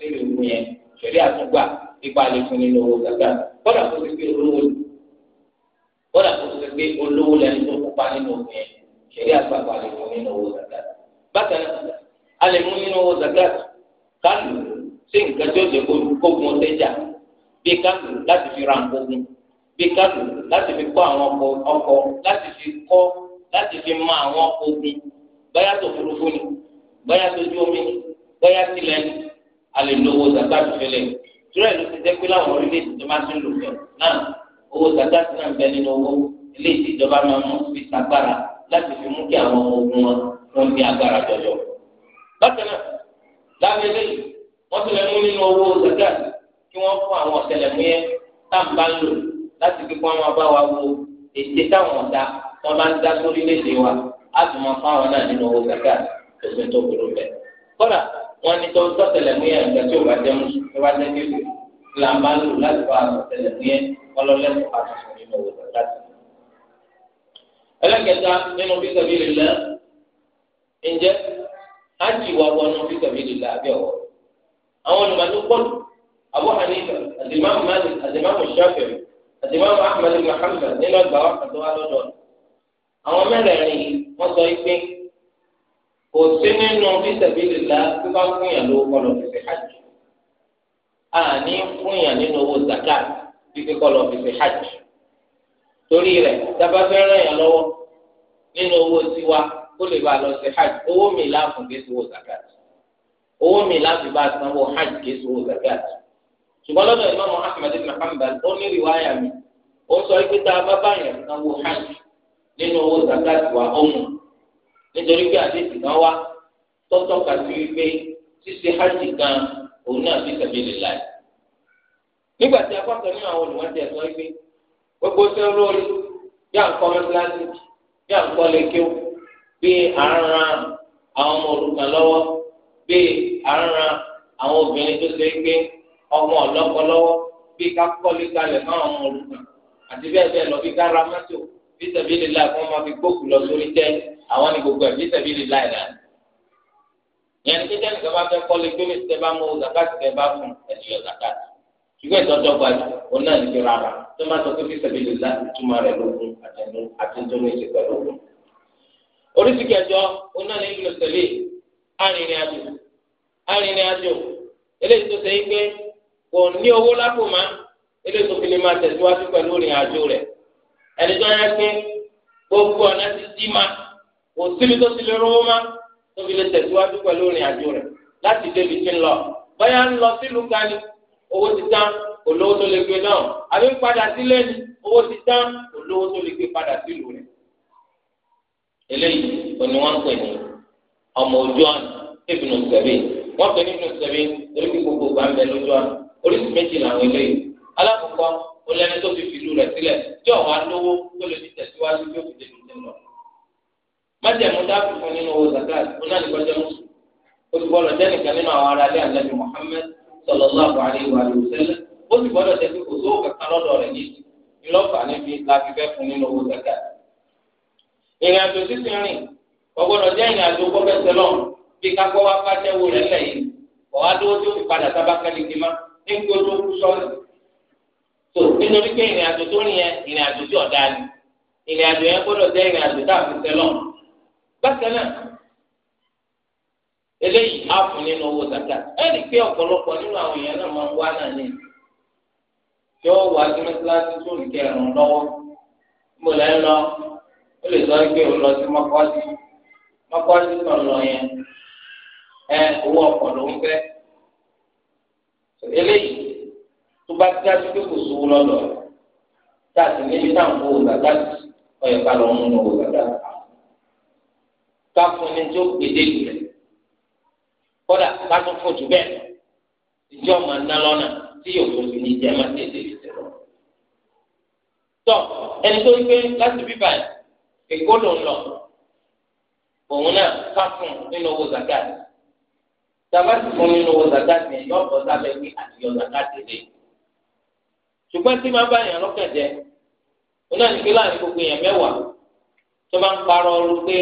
kódà kó tó gbé olówó lẹni tó kópa nínú ogun yẹn ṣẹlẹ àgbàgbà lè mú nínú owó zakat bákan náà a lè mú nínú owó zakat kálù sí nǹkan tí ó jẹ kógun ọtẹjà bí kálù láti fi ra nǹkan ogun bí kálù láti fi kọ́ àwọn ọkọ̀ ọkọ̀ láti fi kọ́ láti fi mọ àwọn ọkọ̀ ogun bóyá tó burúkú ni bóyá tó ju omi ni bóyá tilẹ̀ ni a lè lo owó zakat fẹlẹ̀ tura ìlú ti dẹ́gbẹ́ láwọn orílẹ̀-èdè tó máa ti ń lò fẹ́ náà owó zakati náà bẹ nínú owó ilé ìṣèjọba máa mú fi sagbára láti fi mú kí àwọn ọmọ ogun wọn wọn bí agbára jọjọ. bákan náà lábẹ́ lẹ́yìn wọ́n ti lè mú nínú owó zakati kí wọ́n fún àwọn ọ̀tẹlẹ̀múyẹ́ táǹbà ń lò láti fi kó àwọn bá wa wo ète táwọn ọ̀dà wọn bá ń dá sórílẹ̀-èdè wa á tún máa fún àwọn náà nínú owó zakati tó tó burú bẹ́ẹ̀. kọ́dà wọ́n ní tó tọ́tẹlẹ̀múyẹ́ ìgbà tí ò ọlọ́lẹ́sìn pàtó nínú owó sàkáàtì. ẹlẹ́kẹta nínú fisabilillah ǹjẹ́ ájì wà wọnú fisabilillah àbí ọ̀wọ́ àwọn olùmọ̀tò pọ̀lù Abu Hanifa àdìmáàmù Malik àdìmáàmù Shafi'i àdìmáàmù Ahmad ibn Hanbal nínú ọgbà wà kàtó wà lọ́dọ̀ àwọn mẹ́rẹ̀ẹ̀rin wọ́n sọ pé kò sí nínú fisabilillah tó bá fún yàn lówó kọlọ̀ fífi hajj àní fún yàn nínú owó sàkáàtì kíkẹ́ kọ́ lọ fi ṣe hajj torí rẹ̀ dábàá fẹ́ ràn yàn lọ́wọ́ nínú owó tiwa kó lè bá lọ ṣe hajj owó mi láàfún kí sowó zakat owó mi láti bá sanwó hajj kí sowó zakat ṣùgbọ́n lọ́dọ̀ ìmọ̀mọ́ ahmed ibn hanbal ó ní rìwáyà mi ó sọ pé tá a bá báyàn sanwó hajj nínú owó zakat wa ọmọ nítorí pé àdéhùn kan wá tọ́tọ́ kàtí wípé ṣíṣe hajj gan òun náà fi sabilillah nígbà tí apá kan nínú àwọn olùwádìí ẹ̀sọ́ yìí pé gbogbo ṣe ń lórí bí à ń kọ́ mẹ́tíláṣí bí à ń kọ́ lékè bí à ń ran àwọn ọmọ òrukàn lọ́wọ́ bí à ń ran àwọn obìnrin tó ṣe pé ọmọ ọlọ́kọ lọ́wọ́ bí ká kọ́lé kalẹ̀ fún àwọn ọmọ òrukàn àti bẹ́ẹ̀ bẹ́ẹ̀ lọ bí ká ra mọ́tò bí tẹ̀bí lè la kí wọ́n máa fi gbókù lọ sórí tẹ́ àwọn ní gbogbo ẹ̀ bí tẹ̀bí lè la ṣùgbọ́n ìtọ́jọ́ gba òun náà ní kíra rà tó máa sọ pé fífẹ̀lẹ́ lè láti túmọ̀ rẹ̀ lógún àtẹnudọ́nù ìṣe pẹ̀lú ògùn. oríṣi kẹjọ òun náà ní ìlú tẹ̀lé arìnrìnàjò arìnrìnàjò eléyìí tó ṣe é pé kò ní owó lápò má eléyìí tó fi lè máa tẹ̀síwájú pẹ̀lú ìrìnàjò rẹ̀ ẹni tó yẹ pé gbogbo ọ̀nà ti dí ma kò síbi tó ti lè rówó má tó fi lè tẹ̀síwájú pẹ̀lú ìrìnàjò rẹ̀ láti débi tí ń lọ bóyá ń lọ sílùú kan ni owó ti tán olówó tó lè gbé náà àbí ń padà sílé ni owó ti tán olówó tó lè gbé padà sílùú rẹ̀. eléyìí òní wọ́n ń pè ní ọmọ ojú ọ̀nà ibùnú sẹ̀bí wọ́n pè ní ibùnú sẹ̀bí torí pé gbogbo gbà ń bẹ lójú ọ̀nà oríṣi méjì làwọn eléyìí alákọ̀ọ́kọ́ ó tó fi fìlú rẹ̀ sílẹ̀ tí ọ̀wá lówó tó lè fi tẹ̀síwájú tó fi tẹ̀síwájú tó lọ. májẹ̀mú dáàbò fún nínú owó zakat ó náà mùsùlùmí ó ti jẹ́ nìkan nínú àwọn ará ilé àlẹ́ sallallahu alaihi wa sallam ó sì gbọ́dọ̀ jẹ́ pé kò sówó kankan lọ́dọ̀ rẹ̀ yìí ńlọ́fà níbi láti fẹ́ fún nínú owó kẹkẹ. ìrìn àjò sísìn rìn ọgbọ́dọ̀ jẹ́ ìrìn àjò gbọ́fẹ́sẹ̀ lọ bí kakọ́ wa pàṣẹwò rẹ̀ lẹ́yìn ọ̀wá dúró tí ó fi padà sábà kẹ́lẹ́kì má ní kí o tó kú sọ́ọ̀lì. tó nítorí pé ìrìn àjò tó rìn yẹn ìrìn àjò tí ọ̀dà ni ìrìn àjò yẹn gbọ́dọ̀ jẹ́ ìrìn àjò tá a eléyìí á fún nínú owó zakat ẹnì pé ọ̀pọ̀lọpọ̀ nínú àwọn èèyàn náà máa ń wá náà ní tí ó wà sí mẹsàlásí tó ní kẹrin lọ́wọ́ mo lẹ́ ń lọ ó lè sọ pé ó lọ sí mọ́kọ́sí mọ́kọ́sí tó ń lọ yẹn ẹ owó ọkọ̀ ló ń fẹ́ eléyìí tó bá ti dájú pé kò sówó lọ́dọ̀ táàtì níbi náà ń kó owó zakat ọ̀yẹ̀ká lọ́wọ́ ń mú owó zakat ká fún ni tó gbèdéke kódà ká tún fò jù bẹ́ẹ̀ ìjọ máa ná lọ́nà tí yóò tó fi ní jẹ́ máa tètè tètè lọ. tọ́ ẹni tó ń gbé láti bíbà èkó ló ń lọ òun náà ká fún nínú owó zakat tàbá ti fún nínú owó zakat yẹn yọ ọ̀pọ̀ sábẹ́ wí àtìyọ zakat lè. ṣùgbọ́n tí máa bá yàn lọ́kàn jẹ òun náà ní pé láàrin gbogbo èèyàn mẹ́wàá tó máa ń parọ́ ọrú pé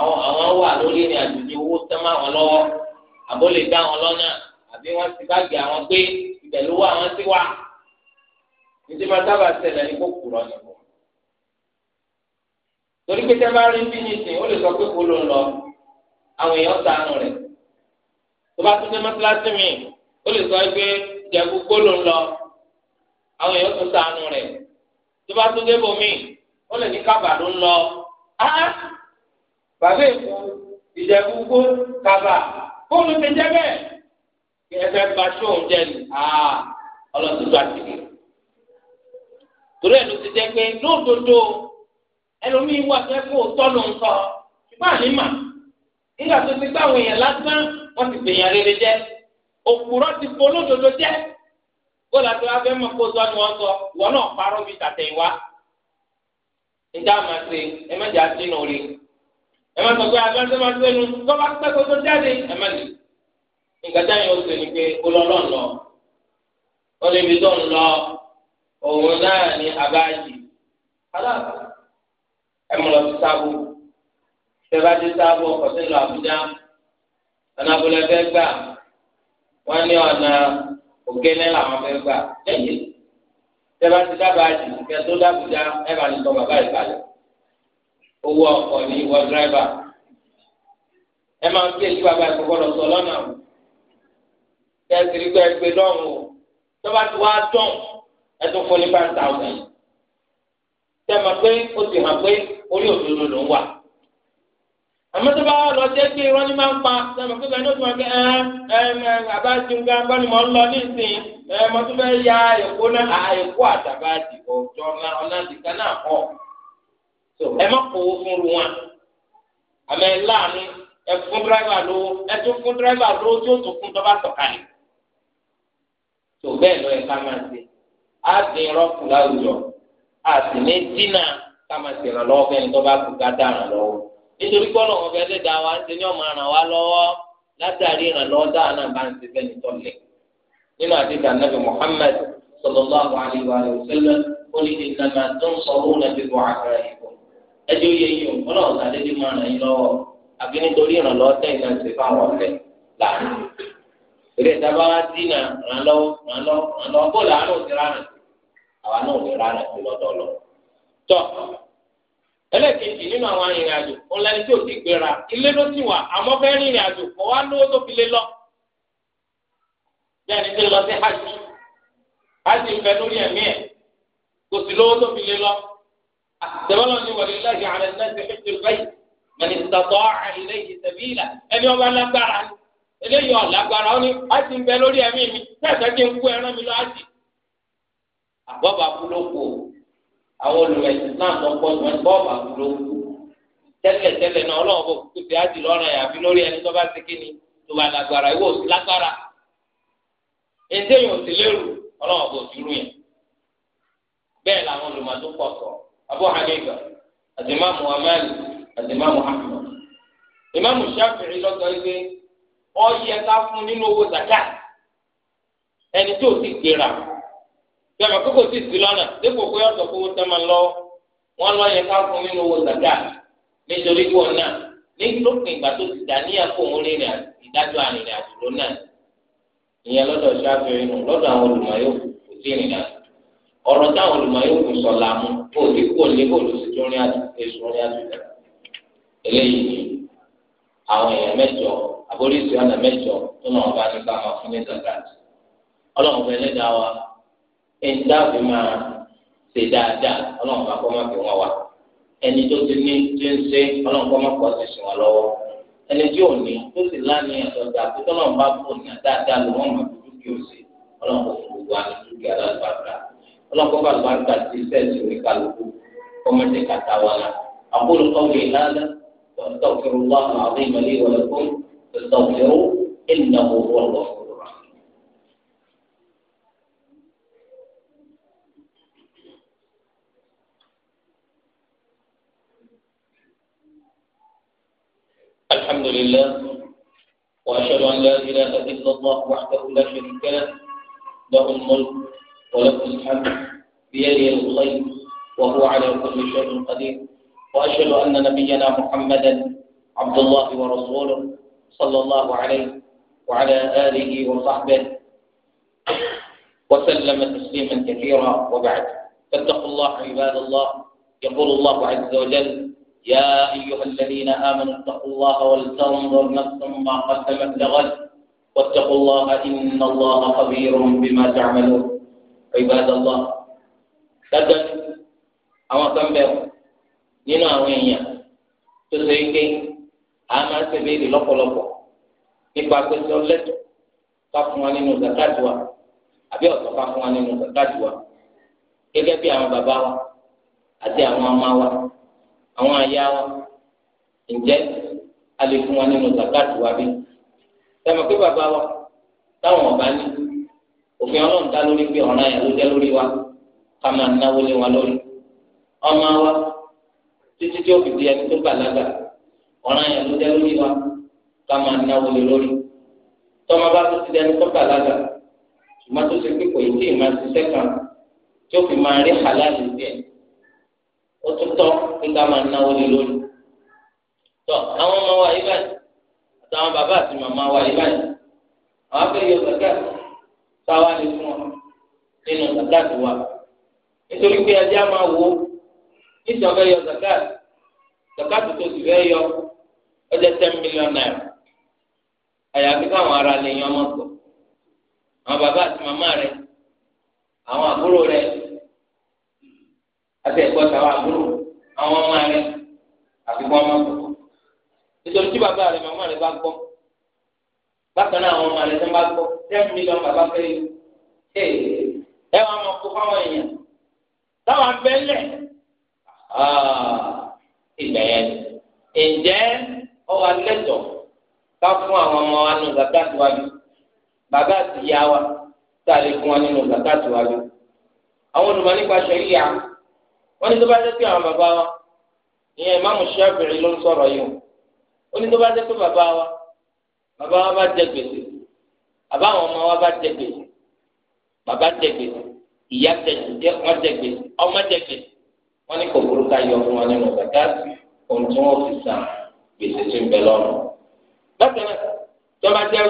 àwọn àwọn wà lórí ìrìn àjò owó tẹ́ máa wọn lọ́wọ́ àbó lè dá wọn lọ́nà àbí wọ́n ti bá gbé àwọn pé ibẹ̀ ló wá àwọn sí wa nítorí máa sábà ṣẹlẹ̀ ní kókòrò nìbò torí pé tẹ́ bá rí bí nìsín ó lè sọ pé kó ló ń lọ àwọn èèyàn sànù rẹ̀ tó bá tún dé mọ́tíláṣí mi ó lè sọ pé jẹ̀bú kó ló ń lọ àwọn èèyàn tún sànù rẹ̀ tó bá tún dé bòmí ó lè ní kábà ló ń lọ bàbá èkó ìjẹ̀bú kó kábà. bóòlù ti jẹ́ bẹ́ẹ̀ kí ẹ fẹ́ ba ṣóun jẹ́ ni ọlọ́run tó àti rẹ̀ torí ẹ̀ ló ti jẹ pé lóòótọ́ ẹlòmíín wà fẹ́ kó tọ́nu nǹkan ṣùgbọ́n àní mà nígbà tó ti lásán ti gbèyàn rere jẹ́ òpùrọ́ ti fo lódodo jẹ kó làtí wá fẹ́ kó sọ náà ẹ má sọ pé abẹ́rẹ́ máa gbé nu tó bá pẹ́ kó tó jáde ẹ má lè. nǹkan táyà ó sè ni pé ó lọ lọ́n lọ ó níbi tó ń lọ òun náà ní abáyé aláàbò ẹ mọ̀ lọ sí sábò tẹ bá dé sábò ọkọ̀ sí lọ àbújá ọ̀nà fẹ́ gbà wọ́n ní ọ̀nà ògéné làwọn fẹ́ gbà lẹ́yìn tẹ bá ti dábàá jù kẹ tó dábùjá ẹ bá ní sọ bàbá ìbàlẹ̀. owó ọkọ ní ìwọ dírẹ́bà ẹ máa ń èyí bàbá sọ lọ́nà o kẹ́sì rí pé ẹ gbé o tọ́ba ti wá ẹ tún fún ní five thousand tẹ́ ẹ mọ̀ pé o sì hàn pé orí òdodo ló ń wà àmọ́ tó lọ jẹ́ pé irọ́ ní máa ń pa sẹ́mi pé bẹ́ẹ̀ ẹ ẹ má kówó fún ru wọn àmọ́ ẹ láàánú ẹ fún dírẹ́fà lówó ẹ tún fún dírẹ́fà lówó tí ó tún fún tọ́ bá sọ̀kalẹ̀ tó bẹ́ẹ̀ lọ ẹ ká máa ṣe á dín rọ́ọ̀kù láwùjọ á sì ní dínà ká máa ṣèrànlọ́wọ́ fẹ́ni tó bá kú ká dára lọ́wọ́ nítorí pé ọlọ́run ọbẹ̀ lè da wa ń ṣe ní ọmọ ara wa lọ́wọ́ látàrí ìrànlọ́wọ́ dáa náà bá ń ṣe fẹ́ni tó lẹ̀. nínú àdìgbà nàbì Muhammad sallallahu alayhi wa sallam ó ní ìlànà tó ń sọ owó ẹjọ́ yẹ yín o ọlọ́run sàdédé máa ràn yín lọ́wọ́ àbí nítorí ìrànlọ́wọ́ tẹ̀yìn náà ṣe fáwọn ọ̀fẹ́ láàrin eré ìdábà wá dínà ràn lọ́wọ́ ràn lọ́wọ́ ràn lọ́wọ́ bó làánù ti rárẹ̀ àwa náà lè rárẹ̀ sí lọ́dọ̀ lọ. tọ́ ẹlẹ́kejì nínú àwọn arìnrìn àjò òun lẹni tí ò ti gbéra ilé ló ti wà àmọ́ fẹ́ rìnrìn àjò kò wá lówó tó fi lé lọ. bí ẹni tí lọ sí hajj hajj ń bẹ lórí ẹ̀mí ẹ̀ kò sí lówó tó fi lé lọ. tẹ̀wọ́n ní wàlẹ́ láyé àrẹ náà ti fi báyìí mẹni tàtọ́ àìlẹ́ yìí sẹ́bíìlà ẹni ọba lágbára eléyìí ọ̀làgbára ó ní àti ń bẹ lórí ẹ̀mí mi tẹ̀sẹ̀ kí àwọn tó tẹ́lẹ̀tẹ́lẹ̀ náà ọlọ́run bò ti lọ́rùn lórí ẹni tó bá ti tó bá lágbára lágbára lérò ọlọ́run bò yẹn bẹ́ẹ̀ làwọn olùmọ̀ tó pọ̀ sọ̀rọ̀ abu hanifa àti imaamu amali àti imaamu ahmed imaamu shafi'i lọ́tọ̀ ẹgbẹ́ ọyẹ ká fún nínú owó zakat ẹni tó ti gbéra yàrá kókò tí sí lọ́nà dépò pé ọ̀tọ̀ kówó tẹ́ máa lọ wọ́n lọ yẹ ká fún nínú owó zakat nítorí pé ọ̀nà nítorí ìgbà tó ti dàníyà kó òun rìn ìdájọ́ àrìnrìn àjò lónà ìyẹn lọ́dọ̀ ṣáfìrì nù àwọn olùmọ̀ yóò kò sí ìrìn ọ̀rọ̀ táwọn olùmọ̀ yóò kù sọ làmú kó o ti kú òní kó o lọ sí torí èso orí àtúntà eléyìí ni àwọn èèyàn mẹ́jọ aboríṣi ọ̀nà mẹ́jọ tó náà bá nípa àwọn fún ní zakat ọlọ́run fún ẹlẹ́dàá wa ẹni dáàbò máa ṣe dáadáa ọlọ́run bá kọ́ máa fi wọn wá ẹni tó ti ní tí ń ṣe ọlọ́run kọ́ máa pọ̀ sí sùn wọn lọ́wọ́ ẹni tí ò ní tó sì láàní àtọ̀dá ọlọ́kọ́ bá lọ́wọ́ àgbà tí sẹ́ẹ̀sì orí kálukú kọ́mọ́tì kàtà wà lá. àkóso kọ́wé ìlànà tọ́kìrù wà láàrin ìmọ̀lẹ́ ìwọlé fún tọ́kìrù ìnáwó wọ̀lọ́. الحمد لله وأشهد أن لا إله إلا الله وحده لا شريك له له الملك ولكم الحمد بيده الخير وهو على كل شيء قدير وأشهد أن نبينا محمدا عبد الله ورسوله صلى الله عليه وعلى آله وصحبه وسلم تسليما كثيرا وبعد فاتقوا الله عباد الله يقول الله عز وجل يا أيها الذين آمنوا اتقوا الله ولتنظر نفس ما قدمت لغد واتقوا الله إن الله خبير بما تعملون Ibadallah dájọ́jú àwọn kan bẹ̀rù nínú àwọn èèyàn tó ṣe ike àá máa ń ṣe béèrè lọ́pọ̀lọpọ̀ nípa pé sọ lẹ́tọ̀ ká fún wa nínú zakati wa àbí ọ̀tọ̀ ká fún wa nínú zakati wa gẹ́gẹ́ bí àwọn bàbá wa àti àwọn ọmọ wa àwọn aya wa ǹjẹ́ a lè fún wa nínú zakati wa bí sẹ́mi pé bàbá wa táwọn ọ̀bá ní òfin ọlọ́run dá lórí pé ọ̀ràn yẹn ló jẹ́ lórí wa ká máa náwó lé wa lórí ọmọ wa títí tí ó fi di ẹni tó bàlágà ọ̀ràn yẹn ló jẹ́ lórí wa ká máa náwó lé lórí tọ́mọ bá tó ti di ẹni tó bàlágà ṣùgbọ́n tó ṣe pé kò yí tí ì máa ṣiṣẹ́ kan tí ó fi máa rí halali bẹ́ẹ̀ ó tún tọ́ pé ká máa náwó lé lórí tọ́ àwọn ọmọ wa yìí báyìí àtàwọn bàbá àti màmá wa yìí báyìí àwọn afẹ́ yọ táwa lè fún ọ nínú zakat wa nítorí pé ẹjẹ máa wo níjọba yọ zakat zakat tó sì fẹ́ yọ ọjọ́ ten million naira àyàfi káwọn ará lè yan ọmọ pọ̀ àwọn bàbá àti màmá rẹ àwọn àbúrò rẹ àti ẹ̀gbọ́n tàwọn àbúrò àwọn ọmọ rẹ àfi kọ́ ọmọ pọ̀ nítorí tí bàbá rẹ màmá rẹ bá gbọ́ bákan náà àwọn ọmọ rẹ tó ń bá gbọ́ ten million bàbá fẹ́ẹ́ yìí ee ẹ wàá mọ kó fáwọn èèyàn táwọn abẹ́lẹ̀ ah, ìgbà yẹn ǹjẹ́ ọwọ́ alẹ́tọ̀ ká fún àwọn ọmọ wa nù zakati wa bi bàbá àti ìyá wa tá a lè fún wa nínú zakati wa àwọn olùmọ̀ nípa ṣẹ̀ríyà wọ́n ní tó bá jẹ́ pé àwọn bàbá wa ìyẹn ìmáàmù Ṣáfi'í ló ń sọ̀rọ̀ yìí o ní tó bá jẹ́ pé bàbá wa bàbá wa bá jẹ gbèsè bàbá àwọn ọmọ wa bá jẹ gbèsè bàbá jẹ gbèsè ìyá jẹ gbèsè wọn jẹ gbèsè ọmọ jẹ gbèsè wọn ní kòkòrò ká yọ fún wọn nínú bàtà ohun tí wọn fi san gbèsè tó ń bẹ lọ́rùn bákan náà tọ́ba jẹ́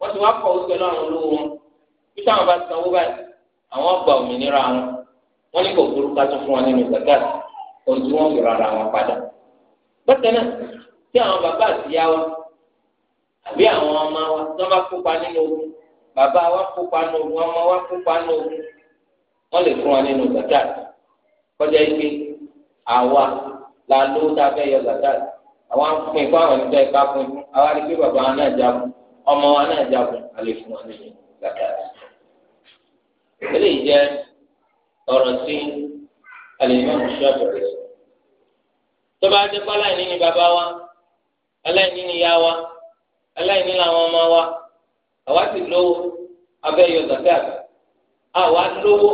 wọ́n ti wá kọ́ oṣù lọ́rùn lówó wọn bí táwọn bá sanwó báyìí àwọn gba òmìnira wọn wọn ní kòkòrò ká tó fún wọn nínú bàtà ohun tí wọn fi rárá àbí àwọn ọmọ wa tó bá kópa nínú ogun bàbá wa kópa nínú ogun ọmọ wa kópa nínú ogun wọn lè fún wa nínú zakat kọjá ike àwa la ló dábẹ́ yọ zakat àwa ń pín fún àwọn ìjọ ìka fún àwa rí pé bàbá wa náà jagun ọmọ wa náà jagun a lè fún wa nínú zakat. eléyìí jẹ́ ọ̀rọ̀ tí alèmọ́ ṣọ́ọ̀bù rẹ̀ sọ. tó bá dé kọ́lá ìní ni bàbá wa aláìní ni ìyá wa aláìní làwọn ọmọ wa àwa sì lówó abẹ́ yọ zakat àwa lówó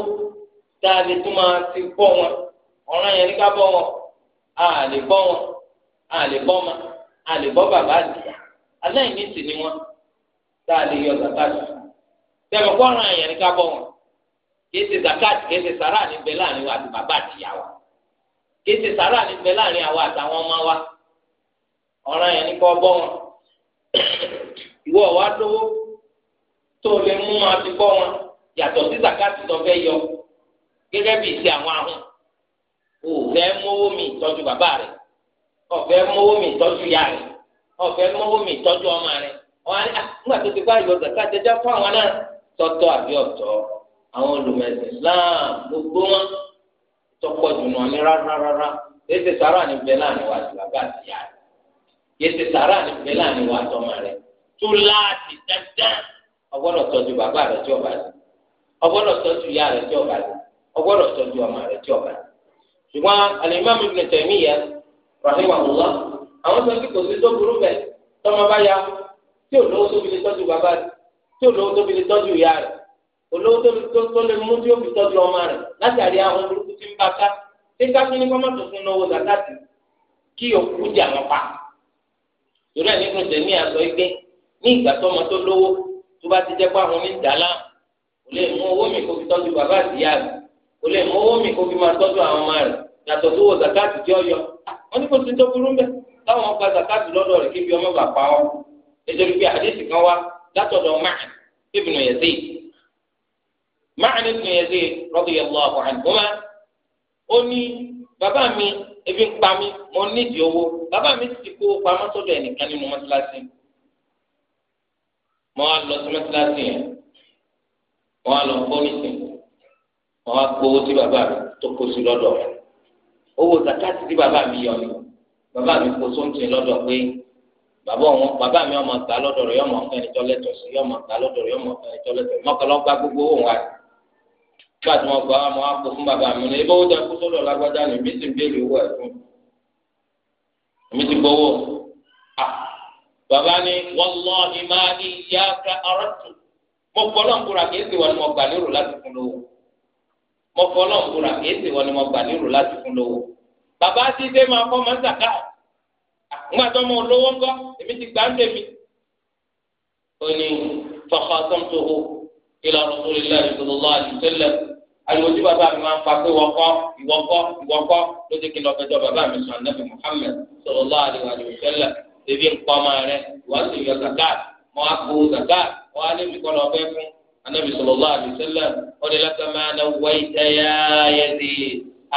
tá a lè tún máa ti bọ́ wọn ọ̀ràn yẹn ní ká bọ́ wọn a lè bọ́ wọn a lè bọ́ ma a lè bọ́ bàbá àdìyà aláìní sì ni wọn tá a lè yọ zakat tẹ̀wọ̀n kọ́ ọ̀ràn yẹn ní ká bọ́ wọn kìí ṣe zakat kìí ṣe sàrà níbẹ̀ láàrin wa àti bàbá àdìyà wa kìí ṣe sàrà níbẹ̀ láàrin àwa àtàwọn ọmọ wa ọ̀ràn yẹn ní kọ́ bọ́ wọn. ìwọ wa lówó tó lè mú ti kọ́ wọn yàtọ̀ sí zakati tó fẹ́ yọ gẹ́gẹ́ bí ìṣe àwọn ahùn o fẹ́ mówó mi ìtọ́jú bàbá rẹ̀ o fẹ́ mówó mi ìtọ́jú ìyá rẹ̀ o fẹ́ mi ìtọ́jú ọmọ rẹ̀ wọn ah, yọ zakati ẹja fún àwọn náà tọ́tọ́ àbí àwọn gbogbo wọn tọpọ̀ jùlọ ní rárá rárá yẹtẹ sàrà ní bẹ láàrin wa àtọmọ rẹ tó láti dandan ọgbọ́dọ̀ tọ́jú bàbá rẹ tí ọba rẹ ọgbọ́dọ̀ tọ́jú ìyá rẹ tí ọba rẹ ọgbọ́dọ̀ tọ́jú ọmọ rẹ tí ọba rẹ ṣùgbọ́n alimami ibn Taymiya rahimahullah àwọn sọ pé kò sí tó burú bẹ tọmọ bá ya tí olówó tóbi lè tọ́jú bàbá rẹ tí olówó tóbi lè tọ́jú ìyá rẹ olówó tóbi tó lè mú tí ó fi tọ́jú ọmọ rẹ látàrí àwọn burúkú tí ń bá ká ṣé ká tún ní kọ́mọ́tò torí ẹ̀ nínú tẹ̀mí àsọ igbe ní ìgbà tọmọ tó lówó tó bá ti jẹ́ pé àwọn onídàálá kò lè mú owó mi kó fi tọ́jú bàbá àtìyá rẹ̀ kò lè mú owó mi kó fi máa tọ́jú àwọn ọmọ rẹ̀ yàtọ̀ tó wọ zakati tí ó yọ wọn ní kò sí tó burú táwọn ọgbà zakati lọ́dọ̀ rẹ̀ kébi ọmọ bàbá wọn nítorí pé àdéhùn kan wá látọ̀dọ̀ máà ibn Yazid ebi ń pa mí mo nídìí owó bàbá mi ti kó pamọ́ sọ́dọ̀ ẹnìkan nínú mọ́tíláṣí mo wá lọ sí mọ́tíláṣí yẹn mo wá lọ fọ́nìsì mo wá gbowó tí bàbá mi tó kó sí lọ́dọ̀ owó zakati tí bàbá mi yọ ni bàbá mi kó sóńtì lọ́dọ̀ pé bàbá òun bàbá mi ọmọ gbà lọ́dọ̀ rẹ̀ yọmọ fẹ́ni tọ́lẹ̀tọ̀ sí yọmọ gbà lọ́dọ̀ rẹ̀ yọmọ fẹ́ni tọ́lẹ̀tọ̀ mọ́kànlá gbá gbogbo òun wáyé nígbà tí wọ́n gbọ́ àwọn ọmọ akọ fún bàbá mi ní ibà ó dẹ kó sọ́dọ̀ lágbájá ni èmi sì ń béèrè owó ẹ̀ fún èmi ti gbowó bàbá ni wallahi ma iyyaka aradtu mo fọlọ́ ń kura kìí ṣe wọn ni mo gbà lérò láti fún lówó mo fọlọ́ ń kura kìí ṣe wọn ni mo gbà lérò láti fún lówó bàbá ti dé máa fọ́ máa ń sàkà ńgbà tó mo lówó ńkọ́ èmi ti gbà ń tèmi. ó ní fa khatamtuhu ila rasulillahi sallallahu alaihi wasallam ariwo tí bàbá mi máa ń pa pé wọkọ ìwọkọ ìwọkọ ló ti kí n lọkọjọ bàbá mi sọ anabi muhammed sallallahu alaihi wa sallam ebi nkpọmọ rẹ wàá sì yọ zakat mọ àpò zakat wọn á lé mi kọ́ lọ fẹ́ fún anabi sallallahu alaihi wa sallam wọn ni lọ́kà máa ná wáyé tẹ́yà yẹ́dì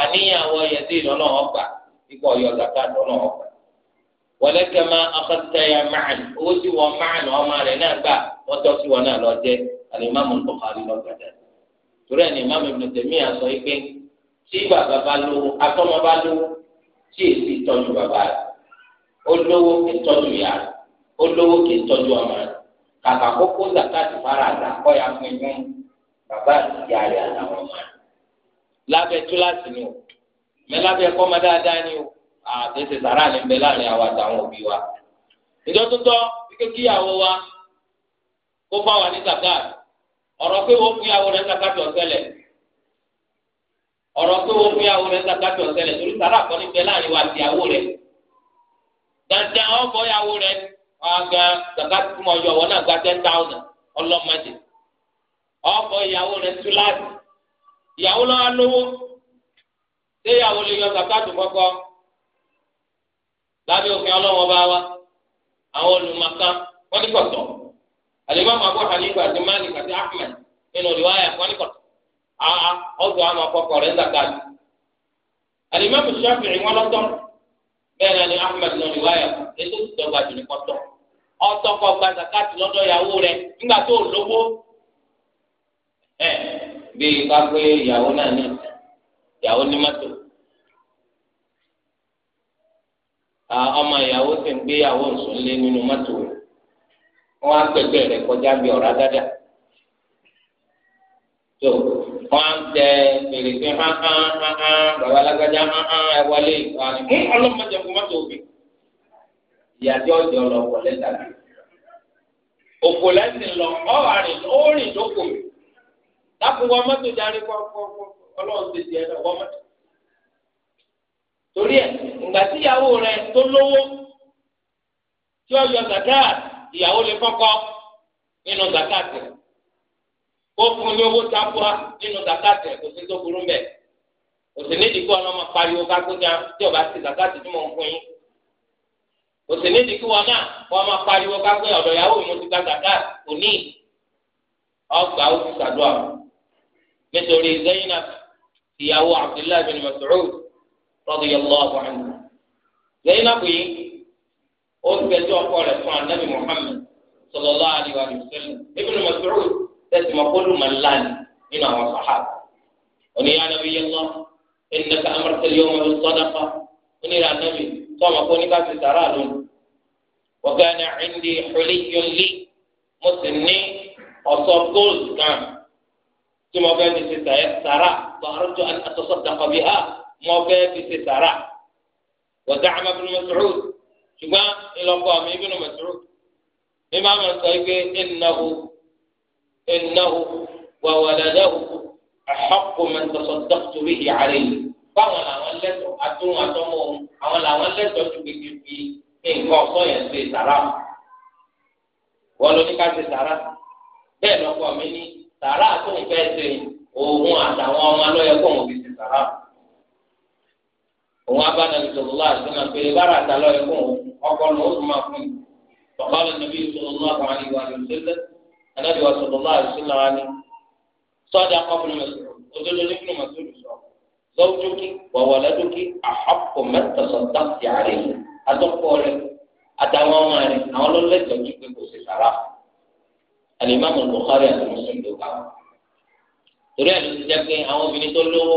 àníyàwó yẹ́dì lọ́nà ọ̀gbà ikọ̀ yọ torí ẹni ìmáàmù Ibn Taymiyyah sọ pé tí bàbá bá lówó atọ́mọ bá lówó tí èsì tọ́jú bàbá rẹ̀ ó lówó kì í tọ́jú ìyá rẹ̀ ó lówó kì í tọ́jú ọmọ rẹ̀ kàkà kókó zakati fara àdá kọ́ ya fún inú bàbá àti ìyá rẹ̀ àtàwọn ọmọ rẹ̀ lábẹ́ túláàsì ni o mẹ lábẹ́ kọ́mọ dáadáa ni o àtẹ̀sẹ̀ sàrà ni bẹ láàrin àwa àtàwọn òbí wa ìjọ tó tọ́ kíkékíyàwó wa kó fáwọn ní ọ̀rọ̀ pé wọ́n fún yàwó rẹ̀ sàkàtì ọ̀sẹ̀lẹ̀ ọ̀rọ̀ pé wọ́n fún yàwó rẹ̀ sàkàtì ọ̀sẹ̀lẹ̀ torí sàrà kọ́ níbẹ̀ láàrin wa àti yàwó rẹ̀ dandan ọ̀bọ̀ yàwó rẹ̀ ọ̀gá sàkàtì fún ọjọ́ wọn náà gba ten thousand ọlọ́mọdé ọ̀bọ̀ yàwó rẹ̀ túláàdì ìyàwó lọ́wọ́ lówó ṣé ìyàwó lè yọ sàkàtì kọ́kọ́ lábẹ́ òfin ọlọ́wọ́ bá wa àwọn olùmọ̀kan wọ́n ní kọ̀tọ̀ alimami abu hanifa àti malik àti ahmed nínú riwaya kọ́nìkọ̀tù àá ọ̀dọ̀ àwọn akọkọ̀ rẹ̀ zakati alimami shafi'i wọn lọ́tọ̀ bẹ́ẹ̀ náà ni ahmed nínú riwaya ètò ìdọ́gba jùlọ kọ́tọ̀ ọ̀tọ̀kọ̀ gba zakati lọ́dọ̀ ìyàwó rẹ̀ nígbà tó lówó ẹ̀ bíi kápé ìyàwó náà ní ìyàwó ní mọ́tò ọmọ ìyàwó sì ń gbéyàwó nsọ̀nlé wọn á gbẹgbẹ rẹ kọjá bí ọ̀rá dáadáa tó wọn á tẹ fèrèsé hàn hàn hàn hàn bàbá alágbájá hàn hàn ẹ wọlé wọn á ní mú ọlọ́mọdé ọjọ́ lọ wọlé òkò lẹ́sìn lọ ó rìn lóko mi dákun wọn mọ́tò járe kọ́kọ́ ọlọ́run ti di ẹ̀rọ wọn mọ́tò torí ẹ̀ ǹgbà tíyàwó rẹ tó lówó tí ìyàwó lè kọ́kọ́ nínú zakati kó fún ní owó tabua nínú zakati kò sí tó burú mbẹ kò sí nídìí kó ọlọ́mọ pariwo kágbóńjà tí ọba ti zakati tí mò ń fún yín kò sí nídìí kí wọn náà kó ọmọ pariwo kágbé ọ̀dọ̀ ìyàwó mi ti gba zakati kò ní ọgbà ó ti sàdúrà nítorí Zainab ìyàwó Abdullahi bin Mas'ud radiyallahu anhu Zainab yìí ó gbẹjọ́ ọkọ rẹ̀ fún anabi muhammed sallallahu alaihi wa sallam ibn Mas'ud tẹ̀sí ma kólú ma ńlá ni nínú àwọn sàhábà òní yà nàbí yẹn lọ innaka amarta al-yawma bis-sadaqa òní kó ní ká sàrà lónìí wa kana 'indi huliyyun mo sì ní ọ̀sọ́ gold kan tí mo fẹ́ fi ṣe sàrà wa arju an atasaddaqa biha mo fẹ́ fi ṣe sàrà wa za'ama ibn ṣùgbọ́n ìlọ́kọ mi ibùdó mẹ̀sùrù mi máa ma sọ pé ẹnìnáwó ẹnìnáwó wà wàlẹ́dáwó àhọ́kù mẹ́tọ́sọ̀ dọ́kítọ́rì ìyàrá yìí báwọn làwọn lẹ́tọ̀ àtúnwò àtọ́mọ́ òun àwọn làwọn lẹ́tọ̀ ju gbèdéke nǹkan ọ̀sọ́ yẹn ṣe sàrà wọ́n lọ ní ká ṣe sàrà bẹ́ẹ̀ lọ́kọ mi ní sàrà àtúnfẹ́ ṣe òun àtàwọn ọmọ alọ́yẹ kó òun abánabi sọlọlá àdúgbò pé bára àtàlọ ẹkún ọkọ ló ó máa fún un bàbá lọ nàbí sọlọlá àwọn àlejò àlùsílẹ anábì wa sọlọlá àlùsílẹ wa ni sọdọ akọbìnrin mẹsùlùmí òdodo ní fúnni mẹsùlùmí sọ zọwọdókì wàwọlẹdókì àhọpọ mẹtọsọ dàpẹ àrẹ àtọkọ rẹ àtàwọn ọmọ rẹ àwọn lọlẹtọ ní pé kò sí sàrà alimami Bukhari àti Muslim tó lówó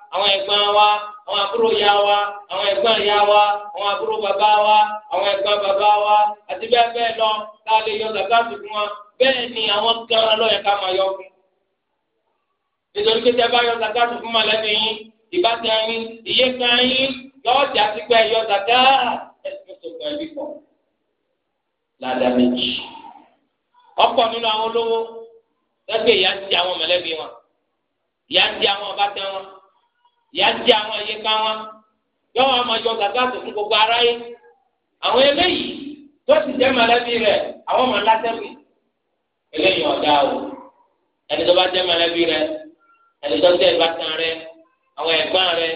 àwọn ẹ̀gbọ́n wa àwọn àbúrò ya wa àwọn ẹ̀gbọ́n ya wa àwọn àbúrò bàbá wa àwọn ẹ̀gbọ́n bàbá wa àti bẹ́ẹ̀ bẹ́ẹ̀ lọ tá lè yọ zakatu fún wa bẹ́ẹ̀ ni àwọn kan lọ́yẹ ká máa yọ fún. nítorí pé tẹ́ bá yọ zakatu fún mọ̀lẹ́bí yín ìbátan yín ìyé kan yín yọ̀ọ́ jà sí pé yọ zakatu ẹ̀sìn tó gbọ́ ẹbí pọ̀ ládà méjì ọ̀pọ̀ nínú àwọn olówó lẹgbẹ ìyá ti àwọn mọ̀lẹ́bí wọn ìyá ti àwọn ọba tẹ wọn ji jẹ àwọn àyíká wọn yọ wọn máa yọ gàgà tó fún gbogbo aráyé àwọn eléyìí tó ti jẹ mọ̀lẹ́bí rẹ àwọn máa látẹkù eléyìí ọdá o ẹni tó bá jẹ rẹ ẹni tó jẹ ìbátan rẹ àwọn ẹ̀gbọ́n rẹ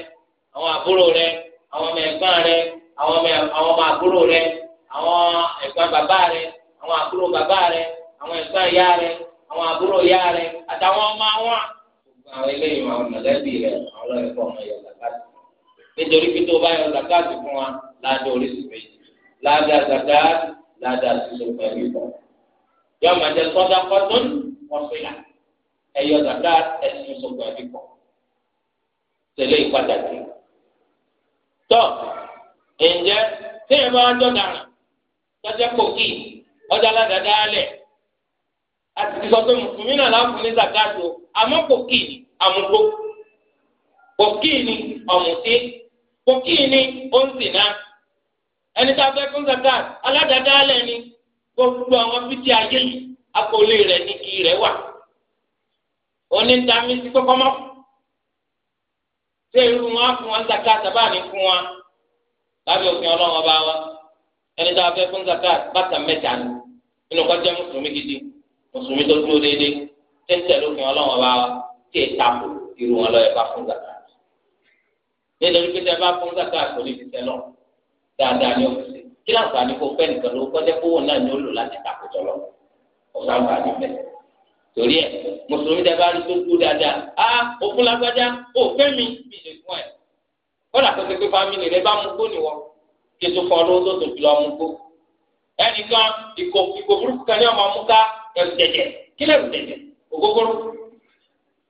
àwọn àbúrò rẹ àwọn ọmọ rẹ àwọn ọmọ àwọn ọmọ àbúrò rẹ àwọn ẹ̀gbọ́n bàbá rẹ àwọn àbúrò bàbá rẹ àwọn re ìyá rẹ àwọn àbúrò ìyá rẹ àtàwọn ọmọ àwọn àwọn eléyìí àwọn mọ̀lẹ́bí rẹ̀ àwọn ọlọ́ọ̀kọ́ ọmọ yọ zakati nítorí pé tó bá yọ zakati fún wa láàdá oríṣi méjì láàdá zakati láàdá sísọ pẹ̀lú ìbọ̀ yọ máa jẹ sọ́dá kọ́tún ọ̀fìlà ẹ̀yọ zakati ẹ̀sìn sọ pẹ̀lú ìbọ̀ tẹ̀lé ìpàdàkì. tọ́ ǹjẹ́ tí ẹ máa jọ dàrán tọ́jẹ́ kòkì ọjà aládàáda alẹ̀ àti sọ mùsùlùmí náà láǹfààní zakati o àmọ́ kòkì ni amugbó pọkíìnì ọmùtí pọkíìnì òǹsìnà ẹni tá a fẹ́ fún zakat aládàáda alẹ́ ni gbogbo àwọn fídíò ayé yìí akọlé rẹ̀ ní kí rẹ̀ wà onídàámi ti kọ́kọ́ mọ́ ṣé irú wọn fún wọn zakat àbá ní fún wọn lábẹ́ òfin ọlọ́run ọba wa ẹni tá a fẹ́ fún zakat bàtà mẹ́ta ni nínú kọjá mùsùlùmí gidi mùsùlùmí tó dúró déédéé tẹ́tẹ́ lófin ọlọ́run ọba wa tí ẹ tako irú wọn lọ ẹ bá fún zaka nítorí pé tí ẹ bá fún zaka kò ní fi sẹlọ dáadáa ní òfìsè kí láǹfààní kò pẹ́ nìkan ló kọ́jẹ́ kówó náà ní ó lò láti tako jọlọ ọ̀sán àǹfààní bẹ́ẹ̀ torí ẹ mùsùlùmí tẹ bá rí tó kú dáadáa á òkú lágbájá ó fẹ́ mi bí ìṣe fún ẹ kọ́dà tó ti pé fámìlì rẹ bá mú kó nìwọ kí tó fọ ọdún tó tó jùlọ mú kó ẹnìkan ìkò kan ní ọmọ mú ẹrù jẹjẹ kí lẹrù jẹjẹ ògógóró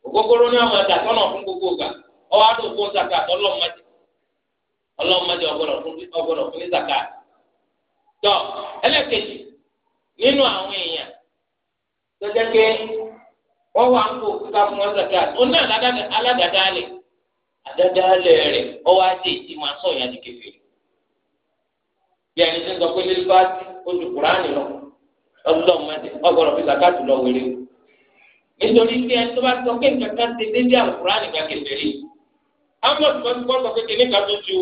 ògógóró ní ọmọ ẹ̀dá tọ́nà fún gbogbo ìgbà ọwọ́ àdó ògbó zaka ọlọ́mọdé ọlọ́mọdé ọgbọ́dọ̀ fún ọgbọ́dọ̀ fún ní zaka. tọ ẹlẹ́kejì nínú àwọn èèyàn tọ́jẹ́ pé wọ́n wá ń kó kíkà fún wọn zaka òun náà aládàádáalẹ̀ àdáadáalẹ̀ rẹ̀ ọwọ́ àti èyí máa sọ ìyá di bí ẹni tí ń sọ pé lọ nítorí pé ẹni tó bá sọ pé nǹkan kan ti dédé àwòrán nìkan kékeré amọ̀tí wọn ti kọ́ sọ pé kìnìún kan tó ju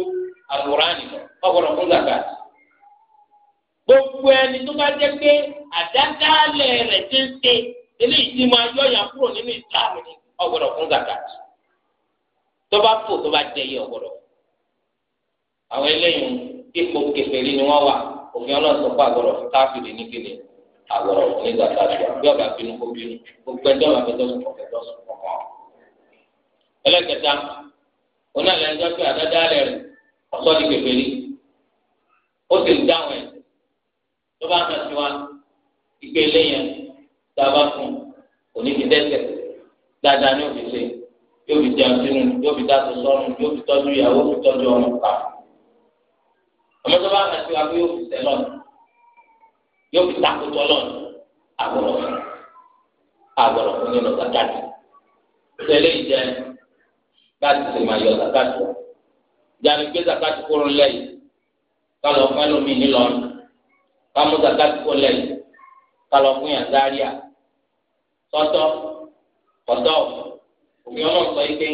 àwòrán nìkan ọgbọ̀nà fún zaka. gbogbo ẹni tó bá jẹ́ pé àdádálẹ̀ rẹ̀ ti ń ṣe eléyìí ti máa yọ̀yàn kúrò nínú ìsìláàmù ni ọgbọ̀nà fún zaka. tó bá fò tó bá jẹyẹ ọgbọ̀nà. àwọn eléyìí ipò kékeré ni wọ́n wà òfin ọlọ́sọ̀kọ́ àgbọ̀nà fún káfíìnì nígbìlẹ̀ àgbọ̀rọ̀ nígbà tá a sọ bí ọba bínú kó bínú gbogbo ẹjọ́ bá fẹ́ tọ́sùn kọ̀ọ̀kẹ́ tọ́sùn kọ̀ọ̀kan. ẹlẹ́kẹta onáàlẹ́ ẹjọ́ pé àdáda rẹ̀ ọ̀sọ́ di kékeré ó sì ń dáhùn ẹ̀ tó bá kàn sí wa ìgbélé yẹn tá a bá fún òní ti dẹ́sẹ̀ dáadáa ní òfìsè yóò fi jẹun sínú yóò fi dáàtò sọ́run yóò fi tọ́jú ìyàwó fi tọ́jú ọmọ pa àmọ́ tó bá kàn sí wa pé yóò fi sẹ́lọ̀nù yóò fi takùtọ lọnà agbọrọ fún agbọrọ fún nínú zakati tẹlẹ ìjẹ láti ṣe máa yọ zakati wọn jáde gbé zakati kúrò lẹ́yìn kálọ fún ẹlòmíì nílọrin kámú zakati kúrò lẹ́yìn kálọ fún yanzaria tọtọ tọtọ òfin sọ yìí pé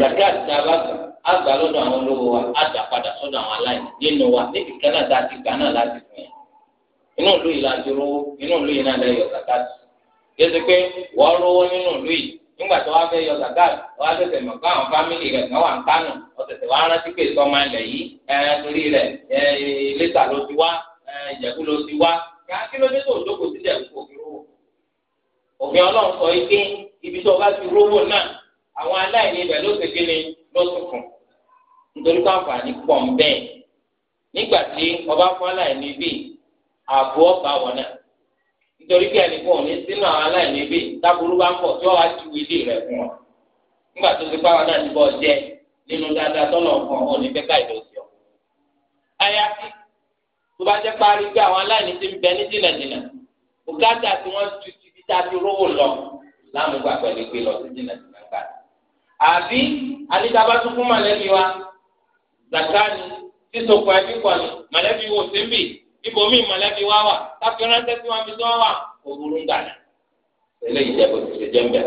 zakati ta bá kàn. àgbà lọ́dọ̀ àwọn olówó wa àgbà padà sọ́dọ̀ àwọn aláìní nínú wa níbi kan náà láti gbà náà láti fún yẹn inú ìlú yìí láti rówó inú ìlú yìí náà lè yọ zakati yéésì pé wọ́n rówó nínú ìlú yìí nígbà tó fẹ́ yọ wọ́n á tẹ̀sẹ̀ mọ̀ fámìlì rẹ̀ wà ń kánù wọ́n á rántí pé ìtọ́ máa lẹ̀ torí rẹ̀ lẹ́tà ló ti lọ́sùnkùn nítorí pé àǹfààní pọ̀ ń bẹ́ẹ̀ nígbà tí ọba fún aláìní bíi ààbò ọba wọn náà nítorí pé ẹnì kan ò ní sínú àwọn aláìní bíi táburú bá ń bọ̀ tí ọba ti wílé rẹ̀ fún wọn nígbà tó ti báwọn náà ti bọ̀ jẹ nínú dáadáa tọ́lọ̀ kan ò ní fẹ́ ká ìdọ̀sí ọ. àyàfi tó bá jẹ́ parí pé àwọn aláìní ti ń bẹ ní jìnnàjìnnà bùkátà tí wọ́n ti ti fi tá ti rówó lọ láàmúgbà pẹ̀lú ìgbé lọ sí jìnnàjìnnà àbí alidaba tún fún mọ̀lẹ́bí wa zaka ni sísokò ẹbí kọ ni mọ̀lẹ́bí wò síbì ibòmí mọ̀lẹ́bí wa wà káfíń ránṣẹ́ tí wọ́n fi tó wà òwúrú ń gànà. eléyìí jẹ́ bòtí ṣe jẹ́ ń bẹ̀.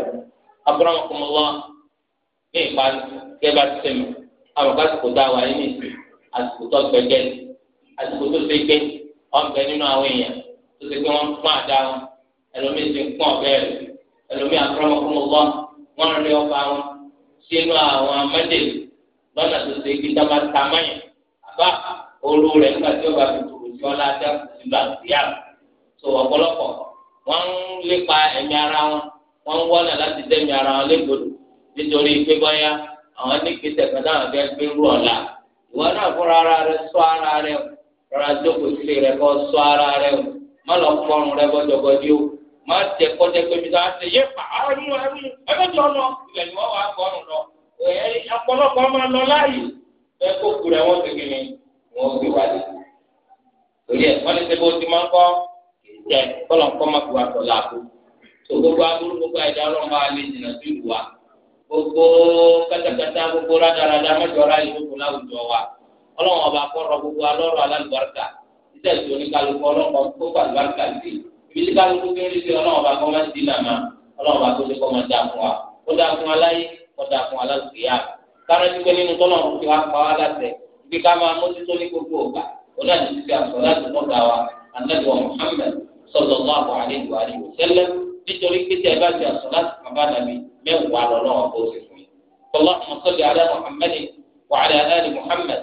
kò mọ wọn ní ìparí kẹ́bà ti sẹ́mi àwọn kásìkò dá wa yín ní àsìkò tó gbẹgẹ́ àsìkò tó ṣe gbé ọ̀nbẹ nínú àwọn èèyàn tó ṣe pé wọ́n pọ́n àdá wọn ẹlòmíì ti ń pọ́n bẹ́ẹ̀ ẹlòmíì àbúrọ́mọ kò mọ wọn wọ́n rẹ̀ ọba wọn sínú àwọn amádèlú lọ́nà tó ṣe kí dábàá ta mọ́yìn àbá ooru rẹ̀ nígbà tí ọba fi tòrò sí ọlá ajá sílùú àgbéyà tó ọ̀pọ̀lọpọ̀ wọ́n ń lépa ẹ̀mí ara wọn wọ́n ń wọ́nà láti dẹ́mi ara wọn légbodò nítorí pé bọ́yá àwọn nígbésẹ̀ kan náà fẹ́ gbé rú ọ̀la ìwọ náà fúnra ara rẹ sọ ara rẹ rọra jókòó sílé rẹ kọ́ sọ ara rẹ mọ́lọ́kùnrin rẹ bọ́jọ́bọ́jọ́ má jẹ kọjá pé mi sáà ṣe yé pa ẹrú ẹrú ẹgbẹ́jọ lọ ibẹ̀ ni wọ́n wà á gbọ́rùn lọ ọ̀pọ̀lọpọ̀ máa lọ láàyè bẹ́ẹ̀ kó kú rẹ̀ wọ́n segin ni wọ́n gbé wá lé torí ẹ̀ wọ́n lè ṣe bó ti máa ń kọ́ ìjẹ́ kọ́lọ̀ ńkọ́ má fi wá sọ láàbò tó gbogbo aburú gbogbo àìdá ọlọ́run máa lè jìnnà sí ìlú wa gbogbo kátàkátà gbogbo rádaràdà mẹ́jọ bíi kálukú bí ń rí sí ọlọ́run ọba kọ́ máa ń dín nàmá ọlọ́run ọba tó ṣe kọ́ máa dá fún wa ó dá fún wa láyé ó dá fún wa lásìkò yá kárẹ́ ti pé nínú tọ́lọ̀ ń fi wá pa wá láṣẹ ibi ká máa mójútó ní gbogbo ọ̀gbà òun àti ti fi àṣọ láti tọ́ka wa anábìwọ̀ Muhammad sallallahu alaihi wa alihi wasallam nítorí pé ẹ bá ti àṣọ láti bàbá nàbí mẹ́wàá lọ́lọ́run ọ̀bọ̀ òṣèlú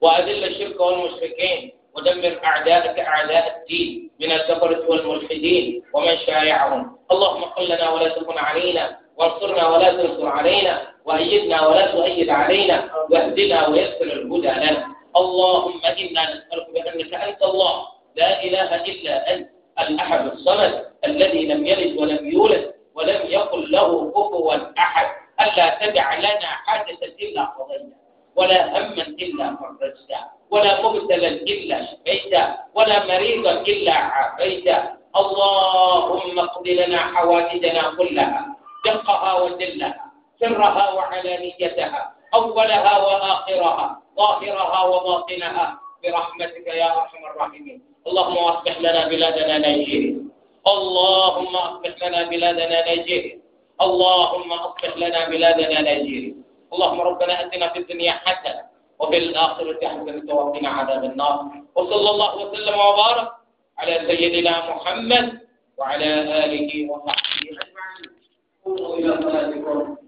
وأذل الشرك والمشركين ودمر أعداءك أعداء الدين من الكفرة والملحدين ومن شايعهم اللهم قل لنا ولا تكن علينا وانصرنا ولا تنصر علينا وأيدنا ولا تؤيد علينا واهدنا ويسر الهدى لنا اللهم إنا نسألك بأنك أنت الله لا إله إلا أنت الأحد الصمد الذي لم يلد ولم يولد ولم يقل له كفوا أحد ألا تدع لنا حادثة إلا قضيتها ولا هما إلا فرجته ولا مبتلا إلا شفيته ولا مريضا إلا عافيته اللهم اقض لنا حوادثنا كلها دقها وجلها سرها وعلانيتها أولها وآخرها ظاهرها وباطنها برحمتك يا أرحم الراحمين اللهم أصلح لنا بلادنا نيجيريا اللهم أصلح لنا بلادنا نيجيريا اللهم أصلح لنا بلادنا نيجيريا اللهم ربنا أتنا في الدنيا حسنة وفي الآخرة حسنة وقنا عذاب النار وصلى الله وسلم وبارك على سيدنا محمد وعلى آله وصحبه أجمعين قوموا إلى صلاتكم